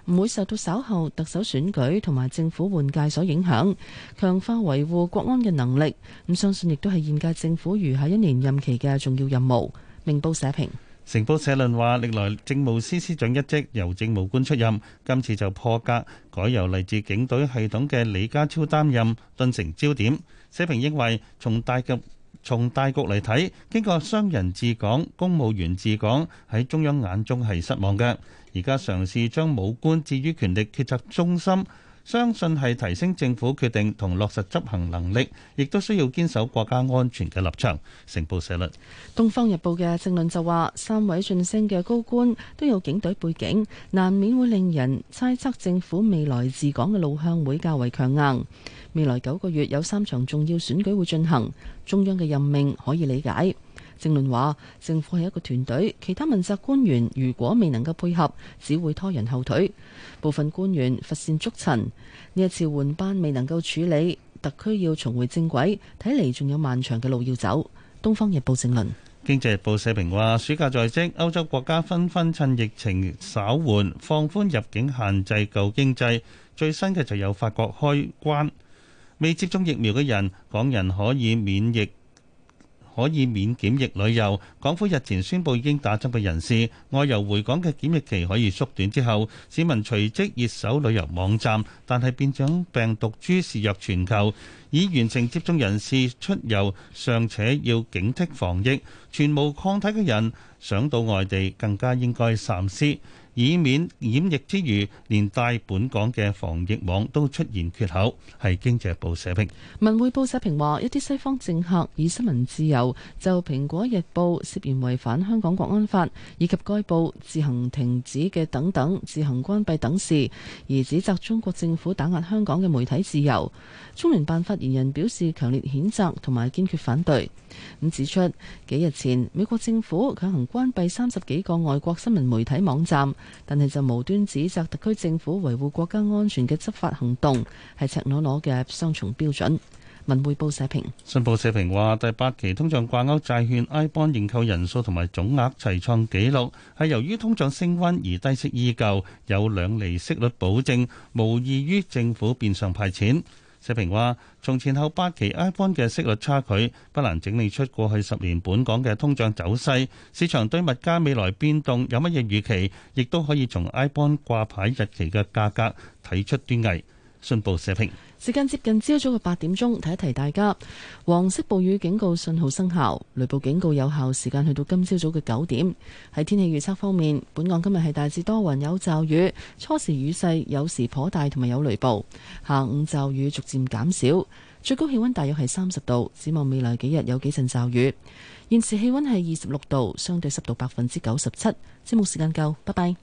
唔會受到稍後特首選舉同埋政府換屆所影響，強化維護國安嘅能力。咁相信亦都係現屆政府餘下一年任期嘅重要任務。明報社評。成報社論話：歷來政務司司長一職由政務官出任，今次就破格改由嚟自警隊系統嘅李家超擔任，頓成焦點。社評認為，從大局從大局嚟睇，經過商人治港、公務員治港喺中央眼中係失望嘅，而家嘗試將武官置於權力決策中心。相信係提升政府決定同落實執行能力，亦都需要堅守國家安全嘅立場。成報社論，《東方日報》嘅政論就話：三位晉升嘅高官都有警隊背景，難免會令人猜測政府未來治港嘅路向會較為強硬。未來九個月有三場重要選舉會進行，中央嘅任命可以理解。政論話政府係一個團隊，其他問責官員如果未能夠配合，只會拖人後腿。部分官員乏善足陳，呢一次換班未能夠處理，特區要重回正軌，睇嚟仲有漫長嘅路要走。《東方日報》政論，《經濟日報》社評話暑假在即，歐洲國家紛紛趁疫情稍緩放寬入境限制救經濟。最新嘅就有法國開關，未接種疫苗嘅人，港人可以免疫。可以免檢疫旅遊港府日前宣布已經打針嘅人士，外遊回港嘅檢疫期可以縮短之後市民隨即熱搜旅遊網站，但係變種病毒株肆虐全球。已完成接種人士出遊尚且要警惕防疫，全無抗體嘅人想到外地更加應該三思。以免染疫之餘，連帶本港嘅防疫網都出現缺口，係經濟報社評。文匯報社評話：一啲西方政客以新聞自由就《蘋果日報》涉嫌違反香港國安法，以及該報自行停止嘅等等、自行關閉等事，而指責中國政府打壓香港嘅媒體自由。中聯辦發言人表示強烈譴責同埋堅決反對。咁指出，幾日前美國政府強行關閉三十幾個外國新聞媒體網站。但係就無端指責特區政府維護國家安全嘅執法行動係赤裸裸嘅雙重標準。文匯報社評，新報社評話第八期通脹掛鈎債券 iBond 認購人數同埋總額齊創紀錄，係由於通脹升溫而低息依舊有兩釐息率保證，無異於政府變相派錢。社評話：從前後八期 iBond 嘅息率差距，不難整理出過去十年本港嘅通脹走勢。市場對物價未來變動有乜嘢預期，亦都可以從 iBond 掛牌日期嘅價格睇出端倪。信報社評時間接近朝早嘅八點鐘，提一提大家黃色暴雨警告信號生效，雷暴警告有效時間去到今朝早嘅九點。喺天氣預測方面，本港今日係大致多雲有驟雨，初時雨勢有時頗大，同埋有雷暴。下午驟雨逐漸減少，最高氣温大約係三十度。展望未來幾日有幾陣驟雨。現時氣温係二十六度，相對濕度百分之九十七。節目時間夠，拜拜。